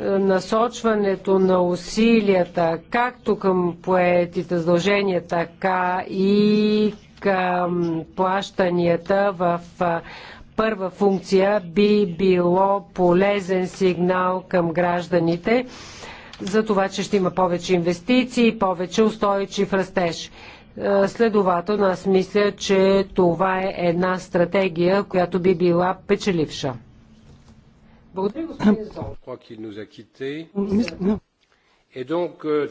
насочването на усилията както към поетите задължения, така и към плащанията в първа функция би било полезен сигнал към гражданите за това, че ще има повече инвестиции, и повече устойчив растеж. Е, следователно, аз мисля, че това е една стратегия, която би била печеливша. Благодаря, господин Зол. Euh,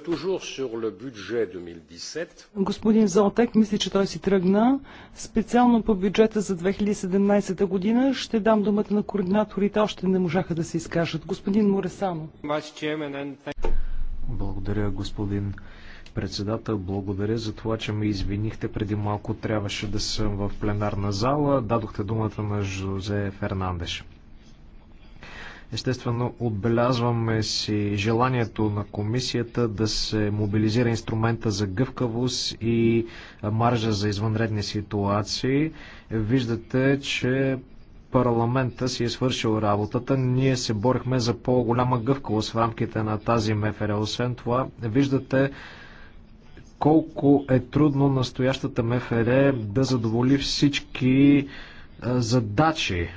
господин Золтек, мисля, че той си тръгна. Специално по бюджета за 2017 година ще дам думата на координаторите. Още не можаха да се изкажат. Господин Моресано. Благодаря, господин председател. Благодаря за това, че ме извинихте. Преди малко трябваше да съм в пленарна зала. Дадохте думата на Жозе Фернандеш. Естествено, отбелязваме си желанието на комисията да се мобилизира инструмента за гъвкавост и маржа за извънредни ситуации. Виждате, че парламента си е свършил работата. Ние се борихме за по-голяма гъвкавост в рамките на тази МФР. Освен това, виждате колко е трудно настоящата МФР е да задоволи всички задачи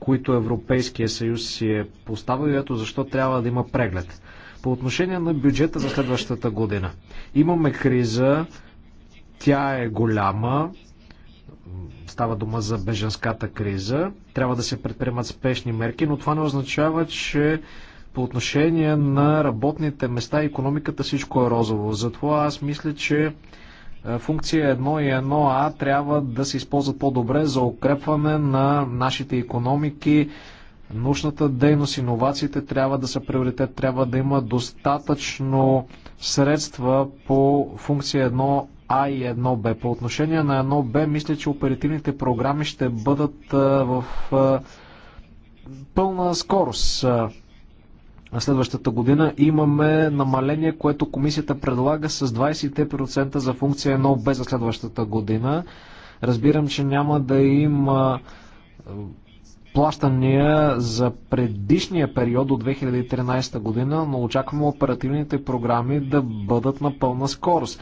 които Европейския съюз си е поставил и ето защо трябва да има преглед. По отношение на бюджета за следващата година. Имаме криза, тя е голяма, става дума за беженската криза. Трябва да се предприемат спешни мерки, но това не означава, че по отношение на работните места и економиката всичко е розово. Затова аз мисля, че е, функция 1 и 1А трябва да се използват по-добре за укрепване на нашите економики. Научната дейност, иновациите трябва да са приоритет, трябва да има достатъчно средства по функция 1 а и 1Б. По отношение на 1Б, мисля, че оперативните програми ще бъдат е, в е, пълна скорост. На следващата година имаме намаление, което комисията предлага с 23% за функция 1Б за следващата година. Разбирам, че няма да има плащания за предишния период от 2013 година, но очакваме оперативните програми да бъдат на пълна скорост.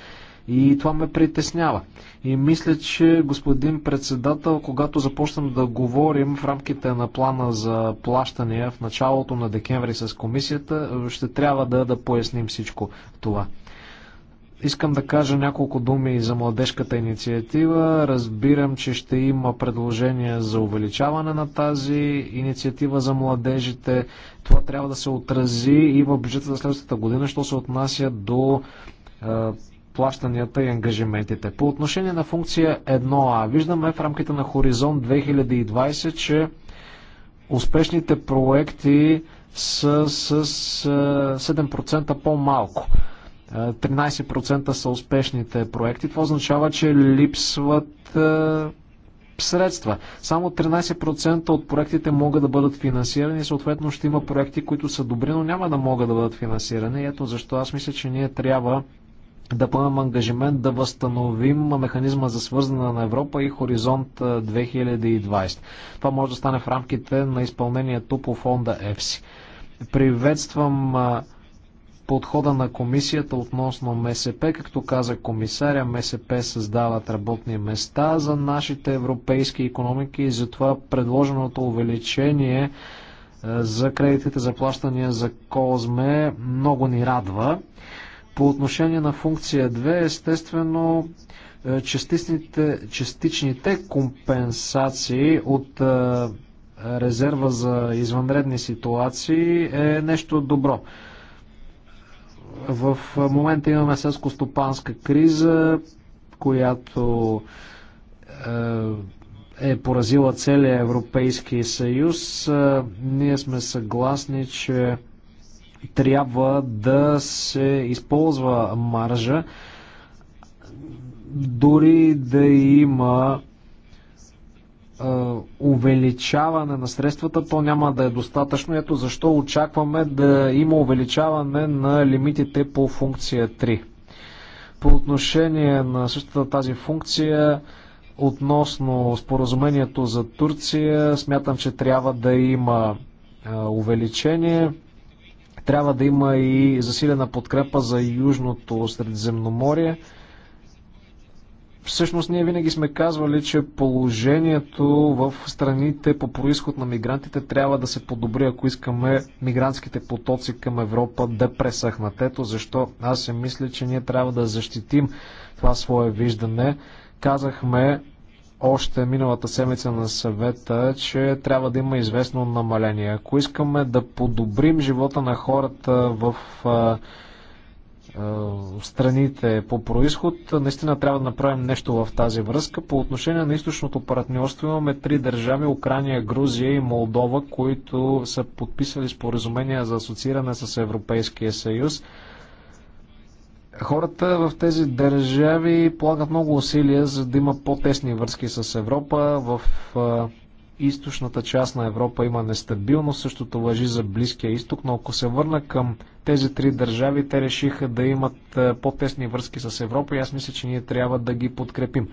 И това ме притеснява. И мисля, че господин председател, когато започнем да говорим в рамките на плана за плащания в началото на декември с комисията, ще трябва да, да поясним всичко това. Искам да кажа няколко думи за младежката инициатива. Разбирам, че ще има предложения за увеличаване на тази инициатива за младежите. Това трябва да се отрази и в бюджета за следващата година, що се отнася до плащанията и ангажиментите. По отношение на функция 1А, виждаме в рамките на Хоризонт 2020, че успешните проекти са с 7% по-малко. 13% са успешните проекти. Това означава, че липсват средства. Само 13% от проектите могат да бъдат финансирани. Съответно ще има проекти, които са добри, но няма да могат да бъдат финансирани. Ето защо аз мисля, че ние трябва да поемем ангажимент да възстановим механизма за свързана на Европа и Хоризонт 2020. Това може да стане в рамките на изпълнението по фонда ЕФСИ. Приветствам подхода на комисията относно МСП. Както каза комисаря, МСП създават работни места за нашите европейски економики и затова предложеното увеличение за кредитите за плащания за Козме много ни радва. По отношение на функция 2, естествено, е, частичните, компенсации от е, резерва за извънредни ситуации е нещо добро. В момента имаме сълско стопанска криза, която е, е поразила целия Европейски съюз. Ние сме съгласни, че трябва да се използва маржа, дори да има увеличаване на средствата, то няма да е достатъчно. Ето защо очакваме да има увеличаване на лимитите по функция 3. По отношение на същата тази функция, относно споразумението за Турция, смятам, че трябва да има увеличение. Трябва да има и засилена подкрепа за Южното Средиземноморие. Всъщност ние винаги сме казвали, че положението в страните по происход на мигрантите трябва да се подобри, ако искаме мигрантските потоци към Европа да пресъхнат. Ето защо аз се мисля, че ние трябва да защитим това свое виждане. Казахме още миналата седмица на съвета, че трябва да има известно намаление. Ако искаме да подобрим живота на хората в а, а, страните по происход, наистина трябва да направим нещо в тази връзка. По отношение на източното партньорство имаме три държави Украния, Грузия и Молдова, които са подписали споразумения за асоцииране с Европейския съюз. Хората в тези държави полагат много усилия, за да има по-тесни връзки с Европа. В източната част на Европа има нестабилност, същото лъжи за Близкия изток, но ако се върна към тези три държави, те решиха да имат по-тесни връзки с Европа и аз мисля, че ние трябва да ги подкрепим.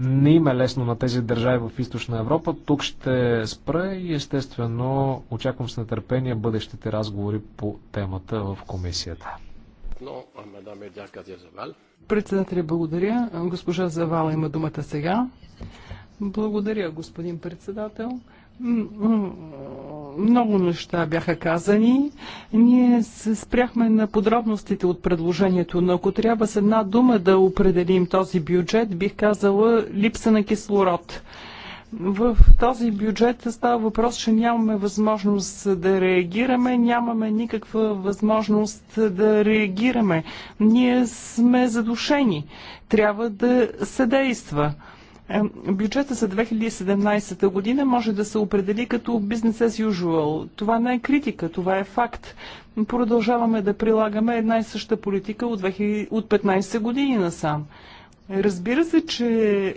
Не им е лесно на тези държави в източна Европа. Тук ще спра и естествено очаквам с нетърпение бъдещите разговори по темата в комисията. Председателя, благодаря. Госпожа Завала има думата сега. Благодаря, господин председател. Много неща бяха казани. Ние се спряхме на подробностите от предложението, но ако трябва с една дума да определим този бюджет, бих казала липса на кислород. В този бюджет става въпрос, че нямаме възможност да реагираме, нямаме никаква възможност да реагираме. Ние сме задушени. Трябва да се действа. Е, бюджета за 2017 година може да се определи като business as usual. Това не е критика, това е факт. Продължаваме да прилагаме една и съща политика от 15 години насам. Разбира се, че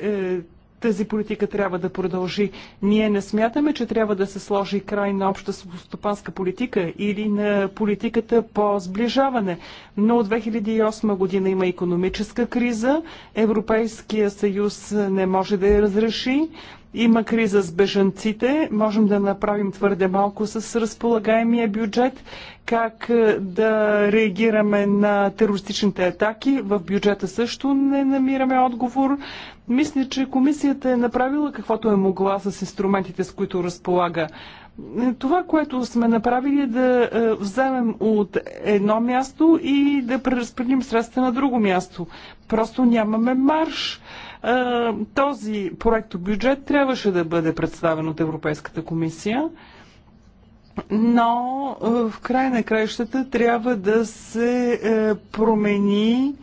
е, тази политика трябва да продължи. Ние не смятаме, че трябва да се сложи край на обща стопанска политика или на политиката по сближаване. Но от 2008 година има економическа криза. Европейския съюз не може да я разреши. Има криза с бежанците, можем да направим твърде малко с разполагаемия бюджет, как е, да реагираме на терористичните атаки. В бюджета също не намираме отговор. Мисля, че комисията е направила каквото е могла с инструментите, с които разполага. Това, което сме направили е да е, вземем от едно място и да преразпределим средства на друго място. Просто нямаме марш. Е, този проект бюджет трябваше да бъде представен от Европейската комисия. Но е, в край на краищата трябва да се промени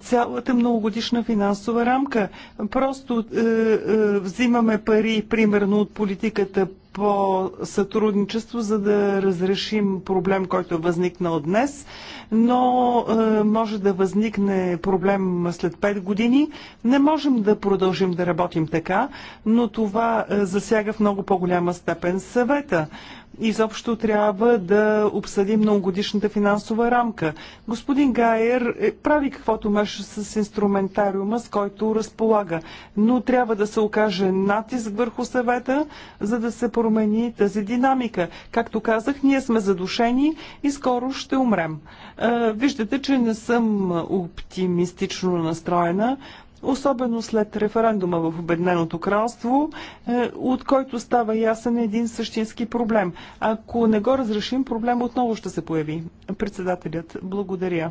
цялата многогодишна финансова рамка. Просто е, е, взимаме пари, примерно, от политиката по сътрудничество, за да разрешим проблем, който е възникнал днес, но е, може да възникне проблем след 5 години. Не можем да продължим да работим така, но това е, засяга в много по-голяма степен съвета. Е, изобщо трябва да обсъдим многогодишната финансова рамка. Господин Гайер е, прави каквото може с инструментариума, с който разполага, но трябва да се окаже натиск върху съвета, за да се промени тази динамика. Както казах, ние сме задушени и скоро ще умрем. Е, виждате, че не съм оптимистично настроена, особено след референдума в Обедненото кралство, е, от който става ясен един същински проблем. Ако не го разрешим, проблем отново ще се появи. Председателят, благодаря.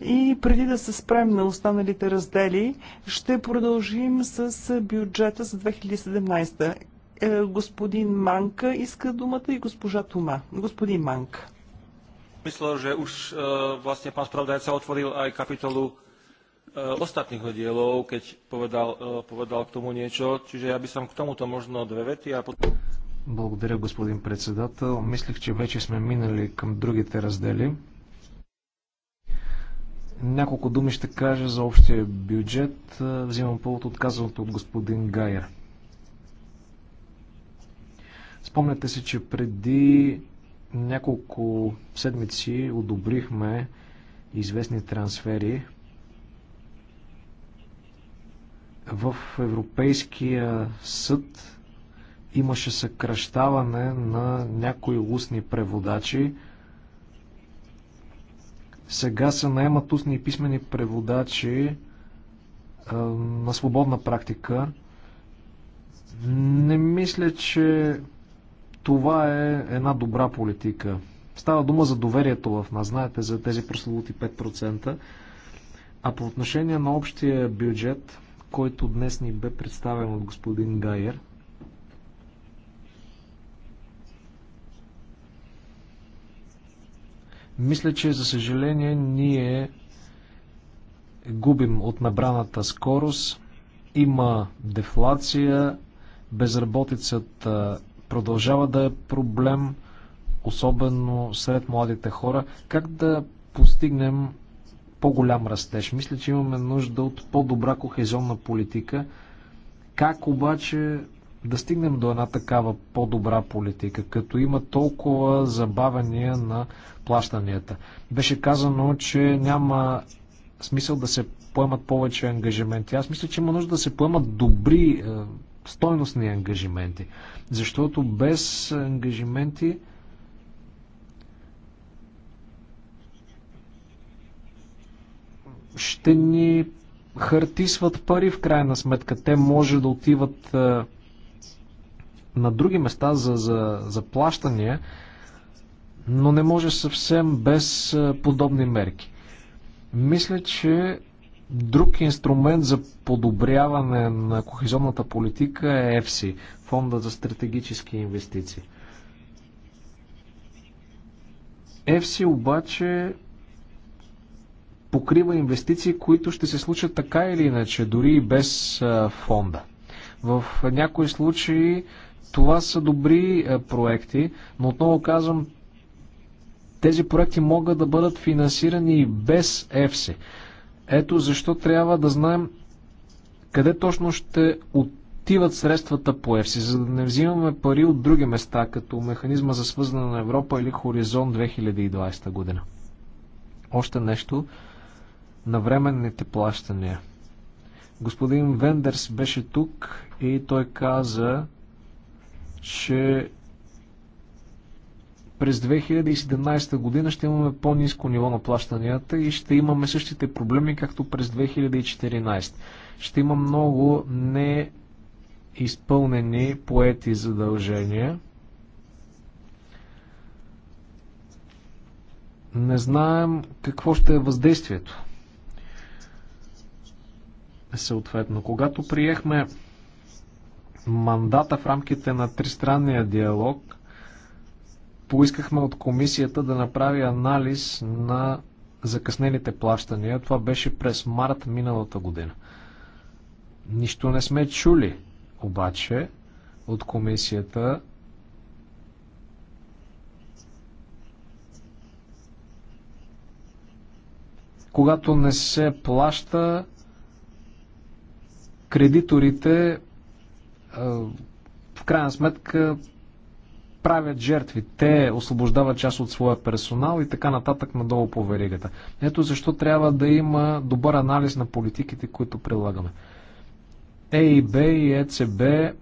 И преди да се спрем на останалите раздели, ще продължим с бюджета за 2017. Е, господин Манка иска думата и госпожа Тома. Господин Манка. Мисля, че уж е, властния пан справдайца отворил ай капитолу ostatných dielov, keď povedal, povedal k tomu niečo. Čiže ja by som k tomuto možno dve vety a potom... Благодаря, господин председател. Мислих, че вече сме минали към другите раздели. Няколко думи ще кажа за общия бюджет. Е, взимам повод от казаното от господин Гайер. Спомняте се, че преди няколко седмици одобрихме известни трансфери в Европейския съд имаше съкръщаване на някои устни преводачи. Сега се наемат устни и писмени преводачи е, на свободна практика. Не мисля, че това е една добра политика. Става дума за доверието в нас, знаете, за тези прословути 5%. А по отношение на общия бюджет, който днес ни бе представен от господин Гайер. Мисля, че за съжаление ние губим от набраната скорост. Има дефлация, безработицата продължава да е проблем, особено сред младите хора. Как да постигнем по-голям растеж. Мисля, че имаме нужда от по-добра кохезионна политика. Как обаче да стигнем до една такава по-добра политика, като има толкова забавения на плащанията? Беше казано, че няма смисъл да се поемат повече ангажименти. Аз мисля, че има нужда да се поемат добри, е, стойностни ангажименти. Защото без ангажименти ще ни хартисват пари в крайна сметка. Те може да отиват е, на други места за, за, за плащания, но не може съвсем без е, подобни мерки. Мисля, че друг инструмент за подобряване на кохезионната политика е EFSI, Фонда за стратегически инвестиции. EFSI обаче покрива инвестиции, които ще се случат така или иначе, дори и без фонда. В някои случаи това са добри проекти, но отново казвам, тези проекти могат да бъдат финансирани и без ЕФСИ. Ето защо трябва да знаем къде точно ще отиват средствата по ЕФСИ, за да не взимаме пари от други места, като механизма за свързване на Европа или Хоризонт 2020 година. Още нещо, на временните плащания. Господин Вендерс беше тук и той каза, че през 2017 година ще имаме по-низко ниво на плащанията и ще имаме същите проблеми, както през 2014. Ще има много неизпълнени поети задължения. Не знаем какво ще е въздействието съответно. Когато приехме мандата в рамките на тристранния диалог, поискахме от комисията да направи анализ на закъснените плащания. Това беше през март миналата година. Нищо не сме чули, обаче, от комисията. Когато не се плаща, кредиторите в крайна сметка правят жертви. Те освобождават част от своя персонал и така нататък надолу по веригата. Ето защо трябва да има добър анализ на политиките, които прилагаме. ЕИБ и ЕЦБ е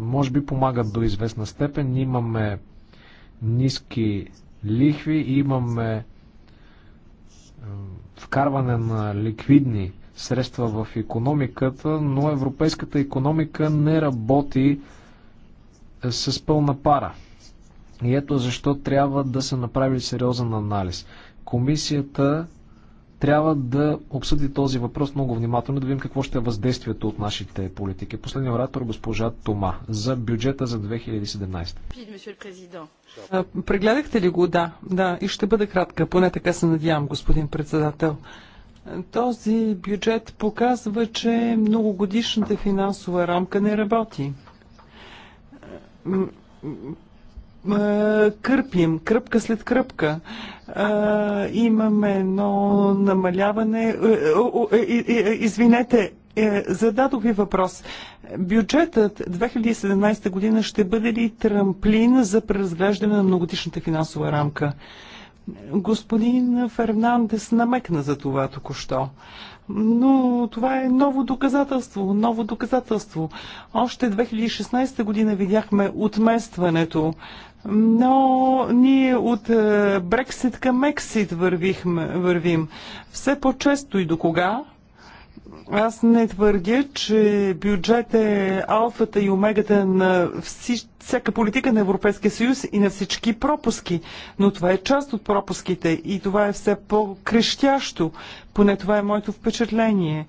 може би помагат до известна степен. Имаме ниски лихви, имаме вкарване на ликвидни средства в економиката, но европейската економика не работи е, с пълна пара. И ето защо трябва да се направи сериозен анализ. Комисията трябва да обсъди този въпрос много внимателно, да видим какво ще е въздействието от нашите политики. Последният оратор, госпожа Тома, за бюджета за 2017. Прегледахте ли го? Да, да, и ще бъда кратка, поне така се надявам, господин председател. Този бюджет показва, че многогодишната финансова рамка не работи. Кърпим, кръпка след кръпка. Имаме едно намаляване. Е, е, е, извинете, зададох ви въпрос. Бюджетът 2017 година ще бъде ли трамплин за преразглеждане на многодишната финансова рамка? Господин Фернандес намекна за това току-що. Но това е ново доказателство, ново доказателство. Още 2016 година видяхме отместването, но ние от е, Брексит към Мексит вървим. Все по-често и до кога? Аз не твърдя, че бюджет е алфата и омегата на всич... всяка политика на Европейския съюз и на всички пропуски, но това е част от пропуските и това е все по-крещящо. Поне това е моето впечатление.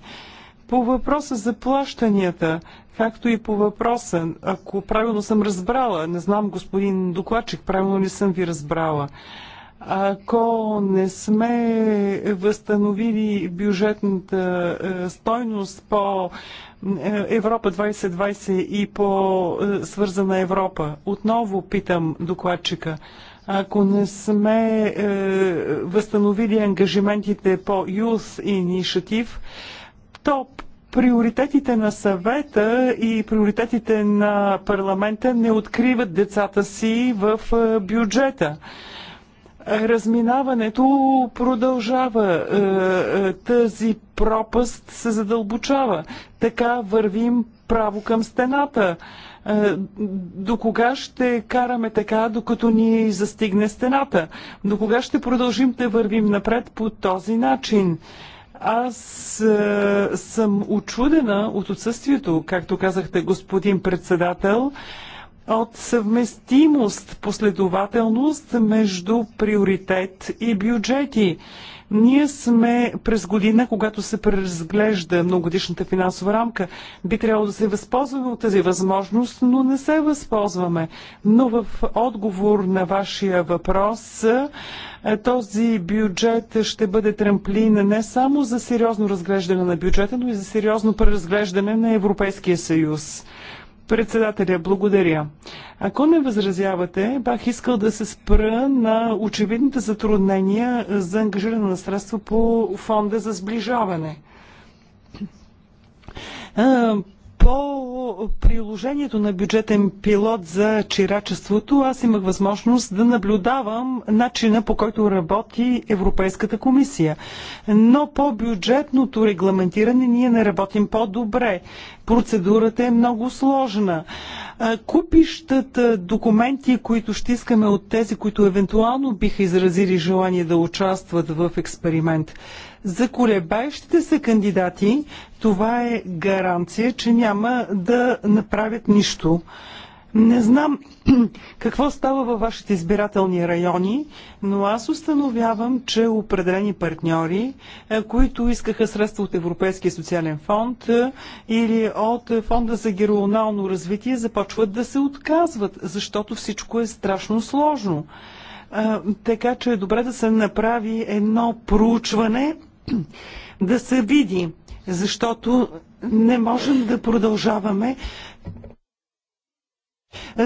По въпроса за плащанията, както и по въпроса, ако правилно съм разбрала, не знам господин докладчик, правилно ли съм ви разбрала, ако не сме възстановили бюджетната е, стойност по е, Европа 2020 и по е, свързана Европа, отново питам докладчика, ако не сме възстановили ангажиментите по Youth Initiative, то приоритетите на съвета и приоритетите на парламента не откриват децата си в бюджета. Разминаването продължава. Е, е, тази пропаст се задълбочава. Така вървим право към стената. Е, до кога ще караме така, докато ни застигне стената? До кога ще продължим да вървим напред по този начин? Аз е, съм очудена от отсъствието, както казахте, господин председател, от съвместимост, последователност между приоритет и бюджети. Ние сме през година, когато се преразглежда многодишната финансова рамка, би трябвало да се възползваме от тази възможност, но не се възползваме. Но в отговор на вашия въпрос, е, този бюджет ще бъде трамплин не само за сериозно разглеждане на бюджета, но и за сериозно преразглеждане на Европейския съюз. Председателя, благодаря. Ако не възразявате, бах искал да се спра на очевидните затруднения за ангажиране на средства по фонда за сближаване. По приложението на бюджетен пилот за чирачеството аз имах възможност да наблюдавам начина по който работи Европейската комисия. Но по бюджетното регламентиране ние не работим по-добре процедурата е много сложна. Купищата документи, които ще искаме от тези, които евентуално биха изразили желание да участват в експеримент. За колебаещите се кандидати това е гаранция, че няма да направят нищо. Не знам какво става във вашите избирателни райони, но аз установявам, че определени партньори, е, които искаха средства от Европейския социален фонд е, или от Фонда за героонално развитие, започват да се отказват, защото всичко е страшно сложно. Е, така че е добре да се направи едно проучване, да се види, защото не можем да продължаваме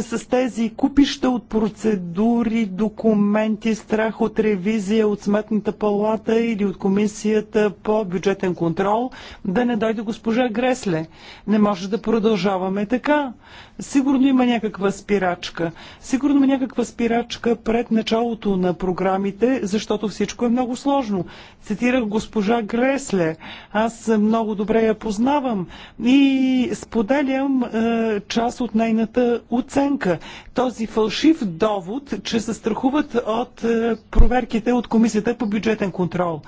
с тези купища от процедури, документи, страх от ревизия от Сметната палата или от Комисията по бюджетен контрол, да не дойде госпожа Гресле. Не може да продължаваме така. Сигурно има някаква спирачка. Сигурно има някаква спирачка пред началото на програмите, защото всичко е много сложно. Цитирах госпожа Гресле. Аз много добре я познавам и споделям е, част от нейната оценка. Този фалшив довод, че се страхуват от е, проверките от Комисията по бюджетен контрол.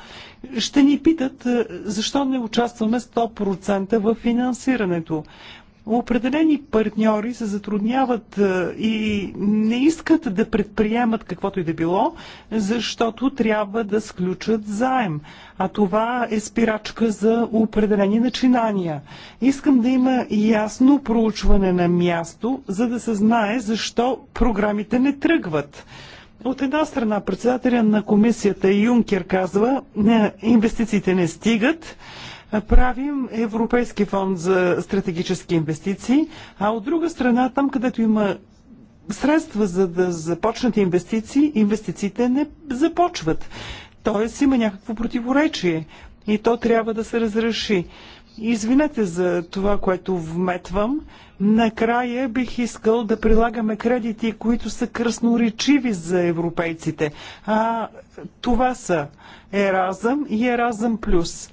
Ще ни питат е, защо не участваме 100% в финансирането определени партньори се затрудняват е, и не искат да предприемат каквото и да било, защото трябва да сключат заем. А това е спирачка за определени начинания. Искам да има ясно проучване на място, за да се знае защо програмите не тръгват. От една страна председателя на комисията Юнкер казва, е, инвестициите не стигат, правим Европейски фонд за стратегически инвестиции, а от друга страна, там където има средства за да започнат инвестиции, инвестициите не започват. Тоест има някакво противоречие и то трябва да се разреши. Извинете за това, което вметвам. Накрая бих искал да прилагаме кредити, които са кръсноречиви за европейците. А това са Еразъм и Еразъм Плюс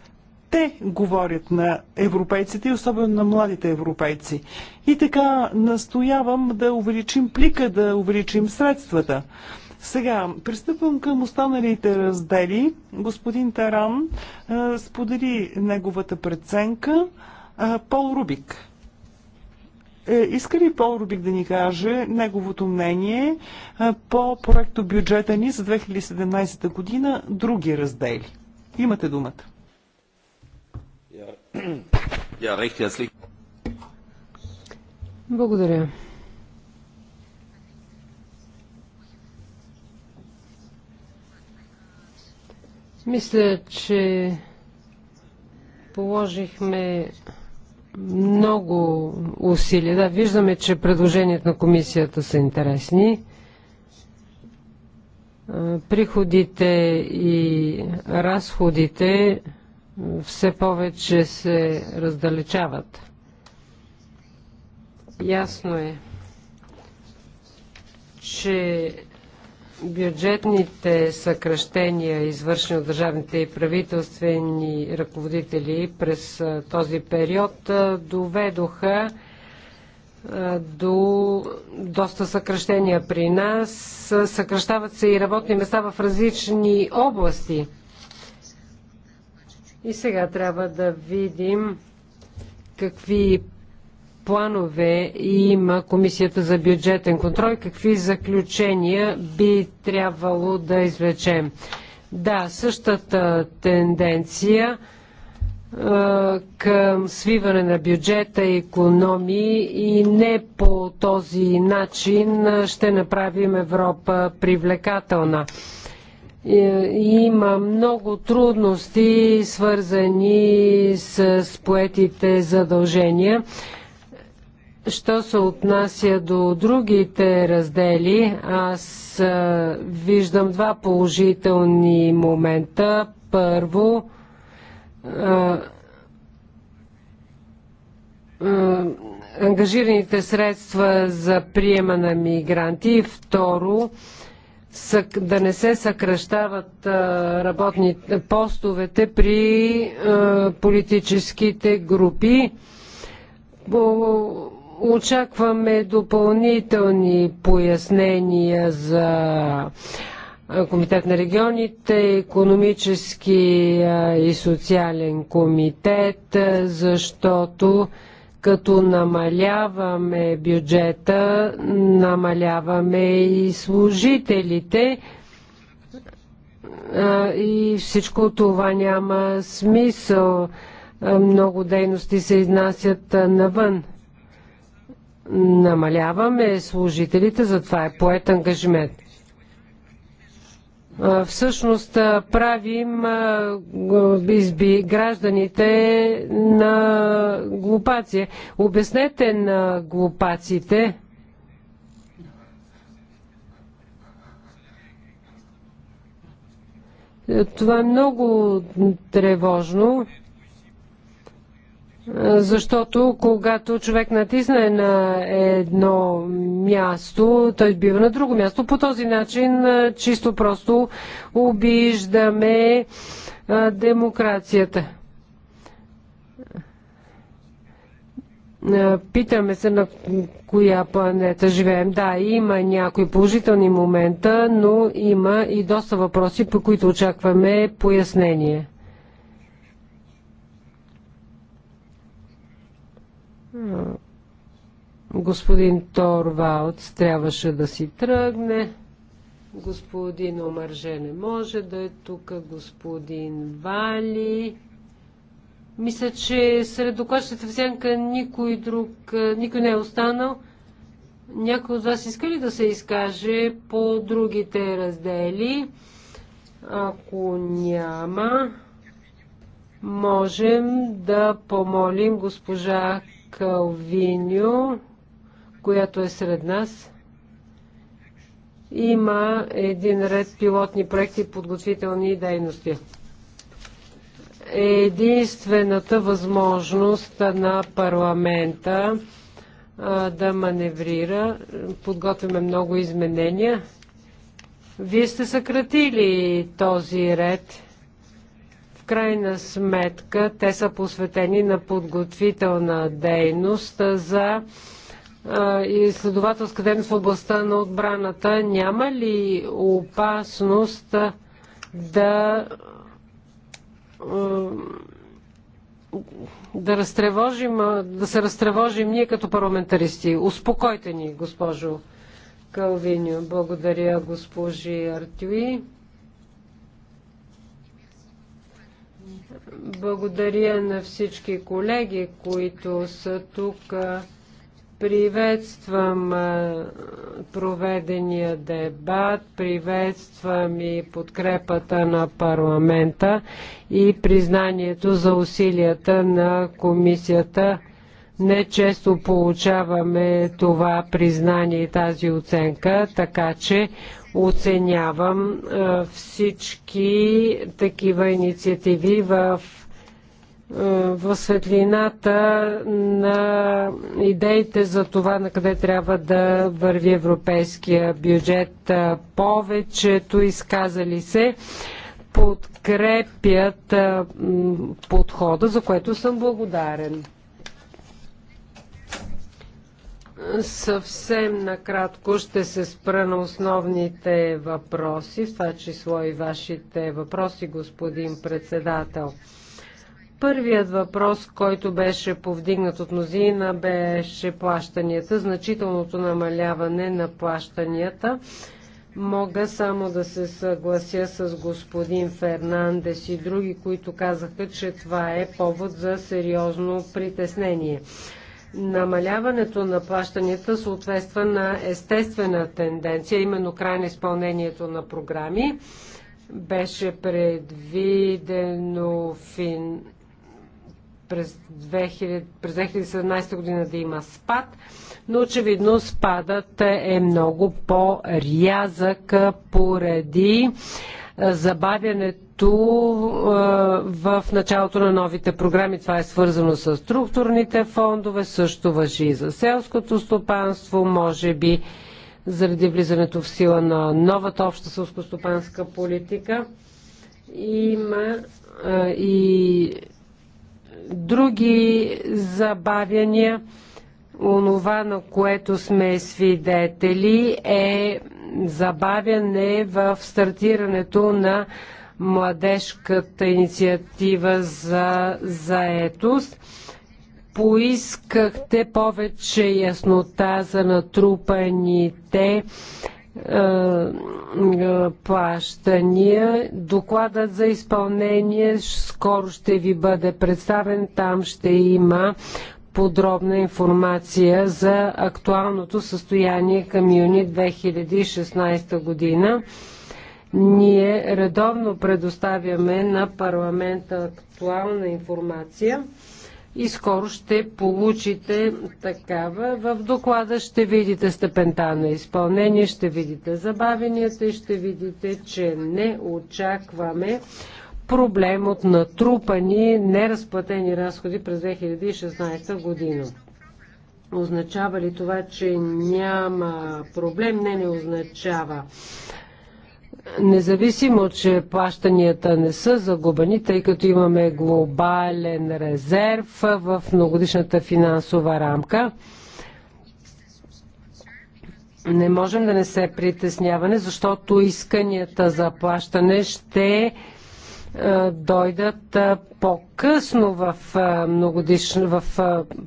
те говорят на европейците и особено на младите европейци. И така настоявам да увеличим плика, да увеличим средствата. Сега, пристъпвам към останалите раздели. Господин Таран сподели неговата преценка. Пол Рубик. Е, иска ли Пол Рубик да ни каже неговото мнение по проекто бюджета ни за 2017 година, други раздели? Имате думата. Благодаря. Мисля, че положихме много усилия. Да, виждаме, че предложението на комисията са интересни. Приходите и разходите все повече се раздалечават. Ясно е, че бюджетните съкръщения, извършени от държавните и правителствени ръководители през този период, доведоха до доста съкръщения при нас. Съкръщават се и работни места в различни области – и сега трябва да видим какви планове има Комисията за бюджетен контрол и какви заключения би трябвало да извлечем. Да, същата тенденция към свиване на бюджета и економии и не по този начин ще направим Европа привлекателна. Е, има много трудности, свързани с поетите задължения. Що се отнася до другите раздели, аз е, виждам два положителни момента. Първо, е, ангажираните средства за приема на мигранти. Второ, да не се съкръщават работни постовете при политическите групи. Очакваме допълнителни пояснения за Комитет на регионите, економически и социален комитет, защото като намаляваме бюджета, намаляваме и служителите и всичко това няма смисъл. Много дейности се изнасят навън. Намаляваме служителите, затова е поет ангажимент всъщност правим изби гражданите на глупаци. Обяснете на глупаците, е, Това е много тревожно. Защото когато човек натисне на едно място, той бива на друго място. По този начин чисто просто обиждаме демокрацията. Питаме се на коя планета живеем. Да, има някои положителни момента, но има и доста въпроси, по които очакваме пояснение. Господин Торвалц трябваше да си тръгне. Господин Омърже не може да е тук. Господин Вали. Мисля, че сред докладчите в сянка никой друг, никой не е останал. Някой от вас иска ли да се изкаже по другите раздели? Ако няма, можем да помолим госпожа Калвиньо, която е сред нас. Има един ред пилотни проекти, подготвителни дейности. Единствената възможност на парламента да маневрира. Подготвяме много изменения. Вие сте съкратили този ред. В крайна сметка те са посветени на подготвителна дейност за изследователска дейност в областта на отбраната. Няма ли опасност да да, разтревожим, да се разтревожим ние като парламентаристи. Успокойте ни, госпожо Калвиньо. Благодаря, госпожи Артюи. Благодаря на всички колеги, които са тук. Приветствам проведения дебат, приветствам и подкрепата на парламента и признанието за усилията на комисията. Не често получаваме това признание и тази оценка, така че оценявам всички такива инициативи в в светлината на идеите за това на къде трябва да върви европейския бюджет. Повечето изказали се подкрепят подхода, за което съм благодарен. Съвсем накратко ще се спра на основните въпроси, в това число и вашите въпроси, господин председател. Първият въпрос, който беше повдигнат от мнозина, беше плащанията, значителното намаляване на плащанията. Мога само да се съглася с господин Фернандес и други, които казаха, че това е повод за сериозно притеснение. Намаляването на плащанията съответства на естествена тенденция, именно край на изпълнението на програми. Беше предвидено фин... през, 2000... през 2017 година да има спад, но очевидно спадът е много по-рязък поради забавянето като в началото на новите програми. Това е свързано с структурните фондове, също въжи и за селското стопанство, може би заради влизането в сила на новата обща селскостопанска политика. Има и други забавяния. Онова, на което сме свидетели, е забавяне в стартирането на младежката инициатива за заетост. Поискахте повече яснота за натрупаните е, е, плащания. Докладът за изпълнение скоро ще ви бъде представен. Там ще има подробна информация за актуалното състояние към юни 2016 година. Ние редовно предоставяме на парламента актуална информация и скоро ще получите такава. В доклада ще видите степента на изпълнение, ще видите забавенията и ще видите, че не очакваме проблем от натрупани неразплатени разходи през 2016 година. Означава ли това, че няма проблем? Не, не означава. Независимо, че плащанията не са загубени, тъй като имаме глобален резерв в многодишната финансова рамка, не можем да не се притесняваме, защото исканията за плащане ще е, дойдат е, по-късно в, е, в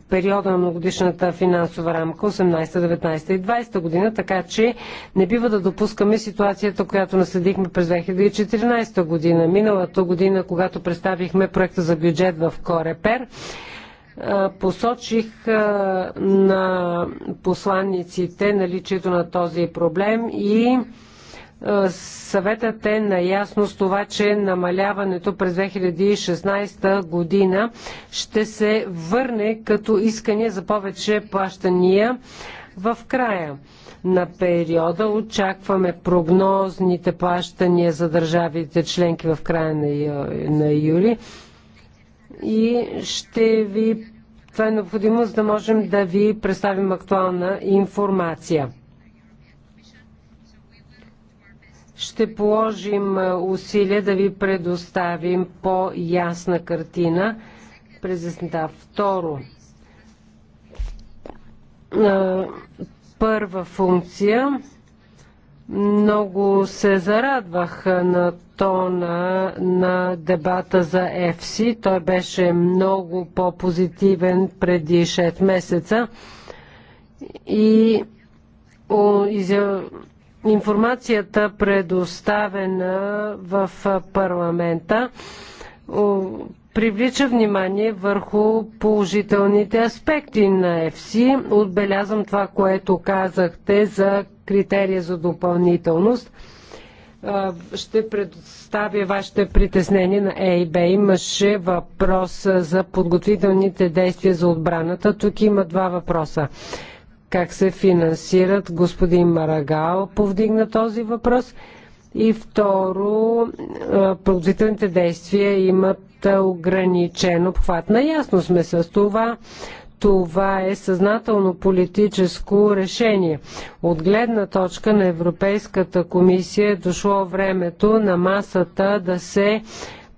периода на многодишната финансова рамка 18, 19 и 20 година, така че не бива да допускаме ситуацията, която наследихме през 2014 година. Миналата година, когато представихме проекта за бюджет в Корепер, посочих на посланниците наличието на този проблем и е, съветът е наясно с това, че намаляването през 2016 година ще се върне като искане за повече плащания в края на периода. Очакваме прогнозните плащания за държавите членки в края на, на юли. И ще ви. Това е необходимо, за да можем да ви представим актуална информация. ще положим усилия да ви предоставим по-ясна картина през есента. Второ, първа функция. Много се зарадвах на тона на дебата за ЕФСИ. Той беше много по-позитивен преди 6 месеца. И информацията предоставена в парламента привлича внимание върху положителните аспекти на ЕФСИ. Отбелязвам това, което казахте за критерия за допълнителност. Ще предоставя вашите притеснения на ЕИБ. Имаше въпрос за подготвителните действия за отбраната. Тук има два въпроса как се финансират. Господин Марагал повдигна този въпрос. И второ, продължителните действия имат ограничен обхват. Наясно сме с това. Това е съзнателно политическо решение. От гледна точка на Европейската комисия е дошло времето на масата да се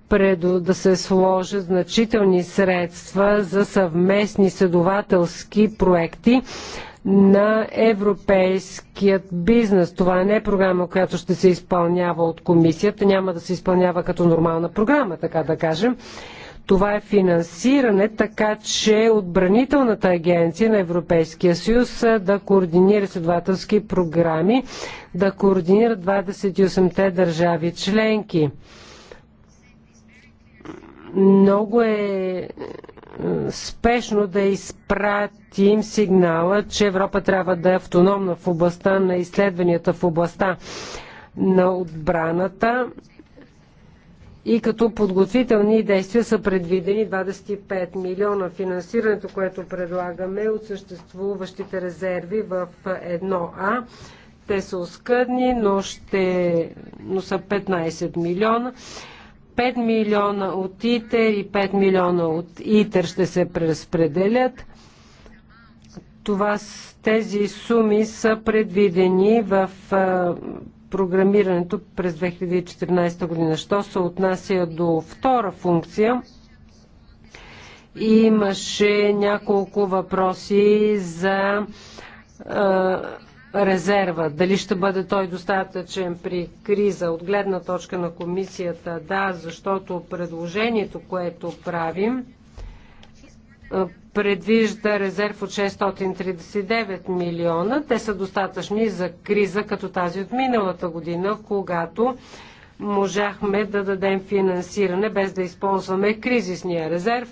предо, да се сложат значителни средства за съвместни следователски проекти на европейският бизнес. Това е не е програма, която ще се изпълнява от комисията, няма да се изпълнява като нормална програма, така да кажем. Това е финансиране, така че отбранителната агенция на Европейския съюз да координира следователски програми, да координира 28-те държави членки. Много е спешно да изпратим сигнала, че Европа трябва да е автономна в областта на изследванията, в областта на отбраната и като подготвителни действия са предвидени 25 милиона. Финансирането, което предлагаме е от съществуващите резерви в 1А, те са оскъдни, но, ще, но са 15 милиона 5 милиона от ИТЕР и 5 милиона от ИТЕР ще се преразпределят. Това, тези суми са предвидени в програмирането през 2014 година. Що се отнася до втора функция, имаше няколко въпроси за резерва. Дали ще бъде той достатъчен при криза от гледна точка на комисията? Да, защото предложението, което правим, предвижда резерв от 639 милиона. Те са достатъчни за криза като тази от миналата година, когато можахме да дадем финансиране без да използваме кризисния резерв.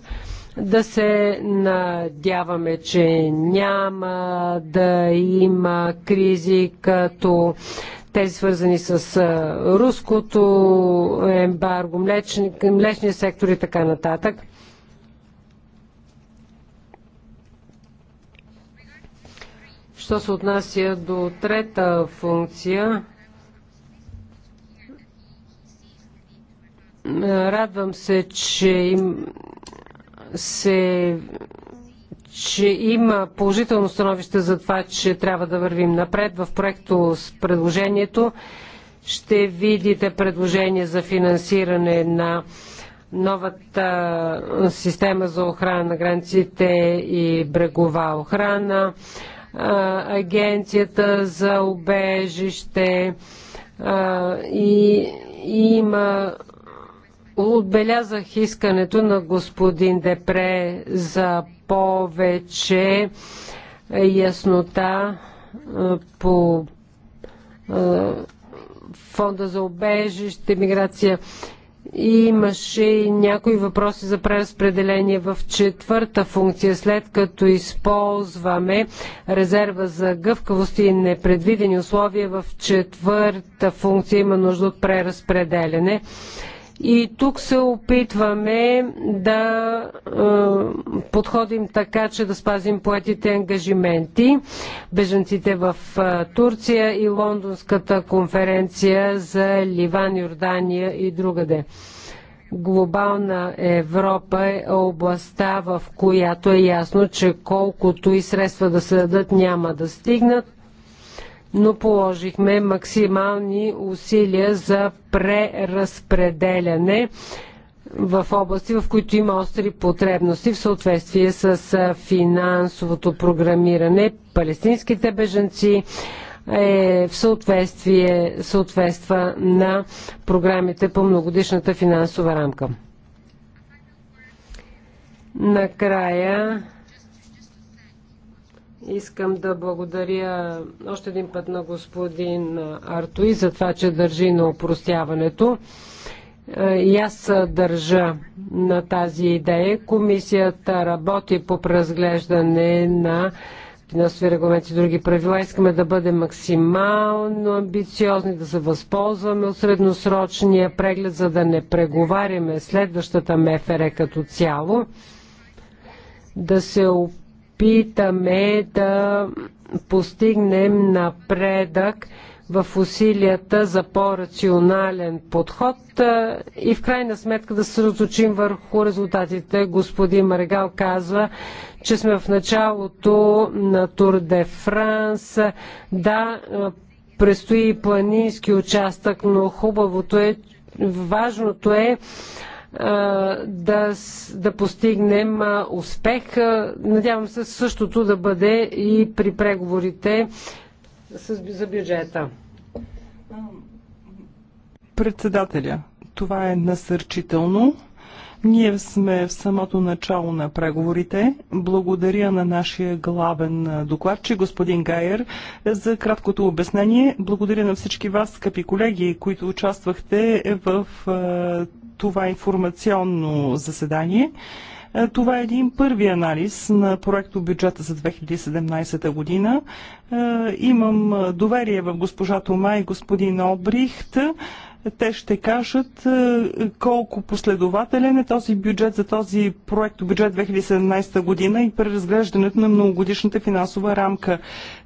Да се надяваме, че няма да има кризи като тези свързани с руското ембарго, млечни, млечния сектор и така нататък. Що се отнася до трета функция, радвам се, че им се че има положително становище за това, че трябва да вървим напред в проекто с предложението. Ще видите предложение за финансиране на новата система за охрана на границите и брегова охрана, агенцията за обежище и, и има Отбелязах искането на господин Депре за повече е, яснота е, по е, фонда за обежище, миграция. Имаше и някои въпроси за преразпределение в четвърта функция, след като използваме резерва за гъвкавост и непредвидени условия в четвърта функция има нужда от преразпределене. И тук се опитваме да е, подходим така, че да спазим поетите ангажименти. Беженците в е, Турция и Лондонската конференция за Ливан, Йордания и другаде. Глобална Европа е областта, в която е ясно, че колкото и средства да се дадат, няма да стигнат но положихме максимални усилия за преразпределяне в области, в които има остри потребности в съответствие с финансовото програмиране. Палестинските беженци е в съответствие, съответства на програмите по многодишната финансова рамка. Накрая Искам да благодаря още един път на господин Артуи за това, че държи на опростяването. Е, и аз държа на тази идея. Комисията работи по преразглеждане на финансови регламенти и други правила. Искаме да бъдем максимално амбициозни, да се възползваме от средносрочния преглед, за да не преговаряме следващата МФР като цяло, да се опитаме опитаме да постигнем напредък в усилията за по-рационален подход и в крайна сметка да се разучим върху резултатите. Господин Маргал казва, че сме в началото на Тур де Франс. Да, предстои планински участък, но хубавото е, важното е да, да постигнем успех. Надявам се същото да бъде и при преговорите с, за бюджета. Председателя, това е насърчително. Ние сме в самото начало на преговорите. Благодаря на нашия главен докладчик, господин Гайер, за краткото обяснение. Благодаря на всички вас, скъпи колеги, които участвахте в това информационно заседание. Това е един първи анализ на проекто бюджета за 2017 година. Имам доверие в госпожа Тома и господин Обрихт те ще кажат е, колко последователен е този бюджет за този проект бюджет 2017 година и преразглеждането на многогодишната финансова рамка.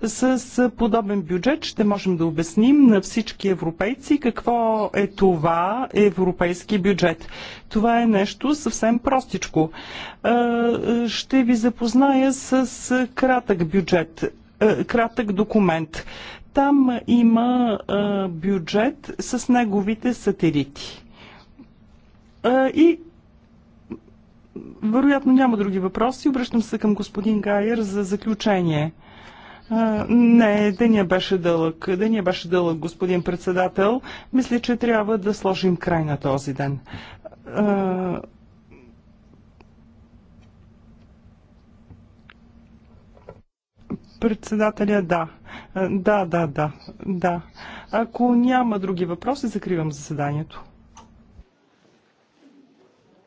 С подобен бюджет ще можем да обясним на всички европейци какво е това европейски бюджет. Това е нещо съвсем простичко. Е, ще ви запозная с кратък бюджет е, кратък документ. Там има а, бюджет с неговите сателити. А, и вероятно няма други въпроси. Обръщам се към господин Гайер за заключение. А, не, деня беше дълъг. Деня беше дълъг, господин председател. Мисля, че трябва да сложим край на този ден. А, Председателя, да. Е, да, да, да, да. Ако няма други въпроси, закривам заседанието.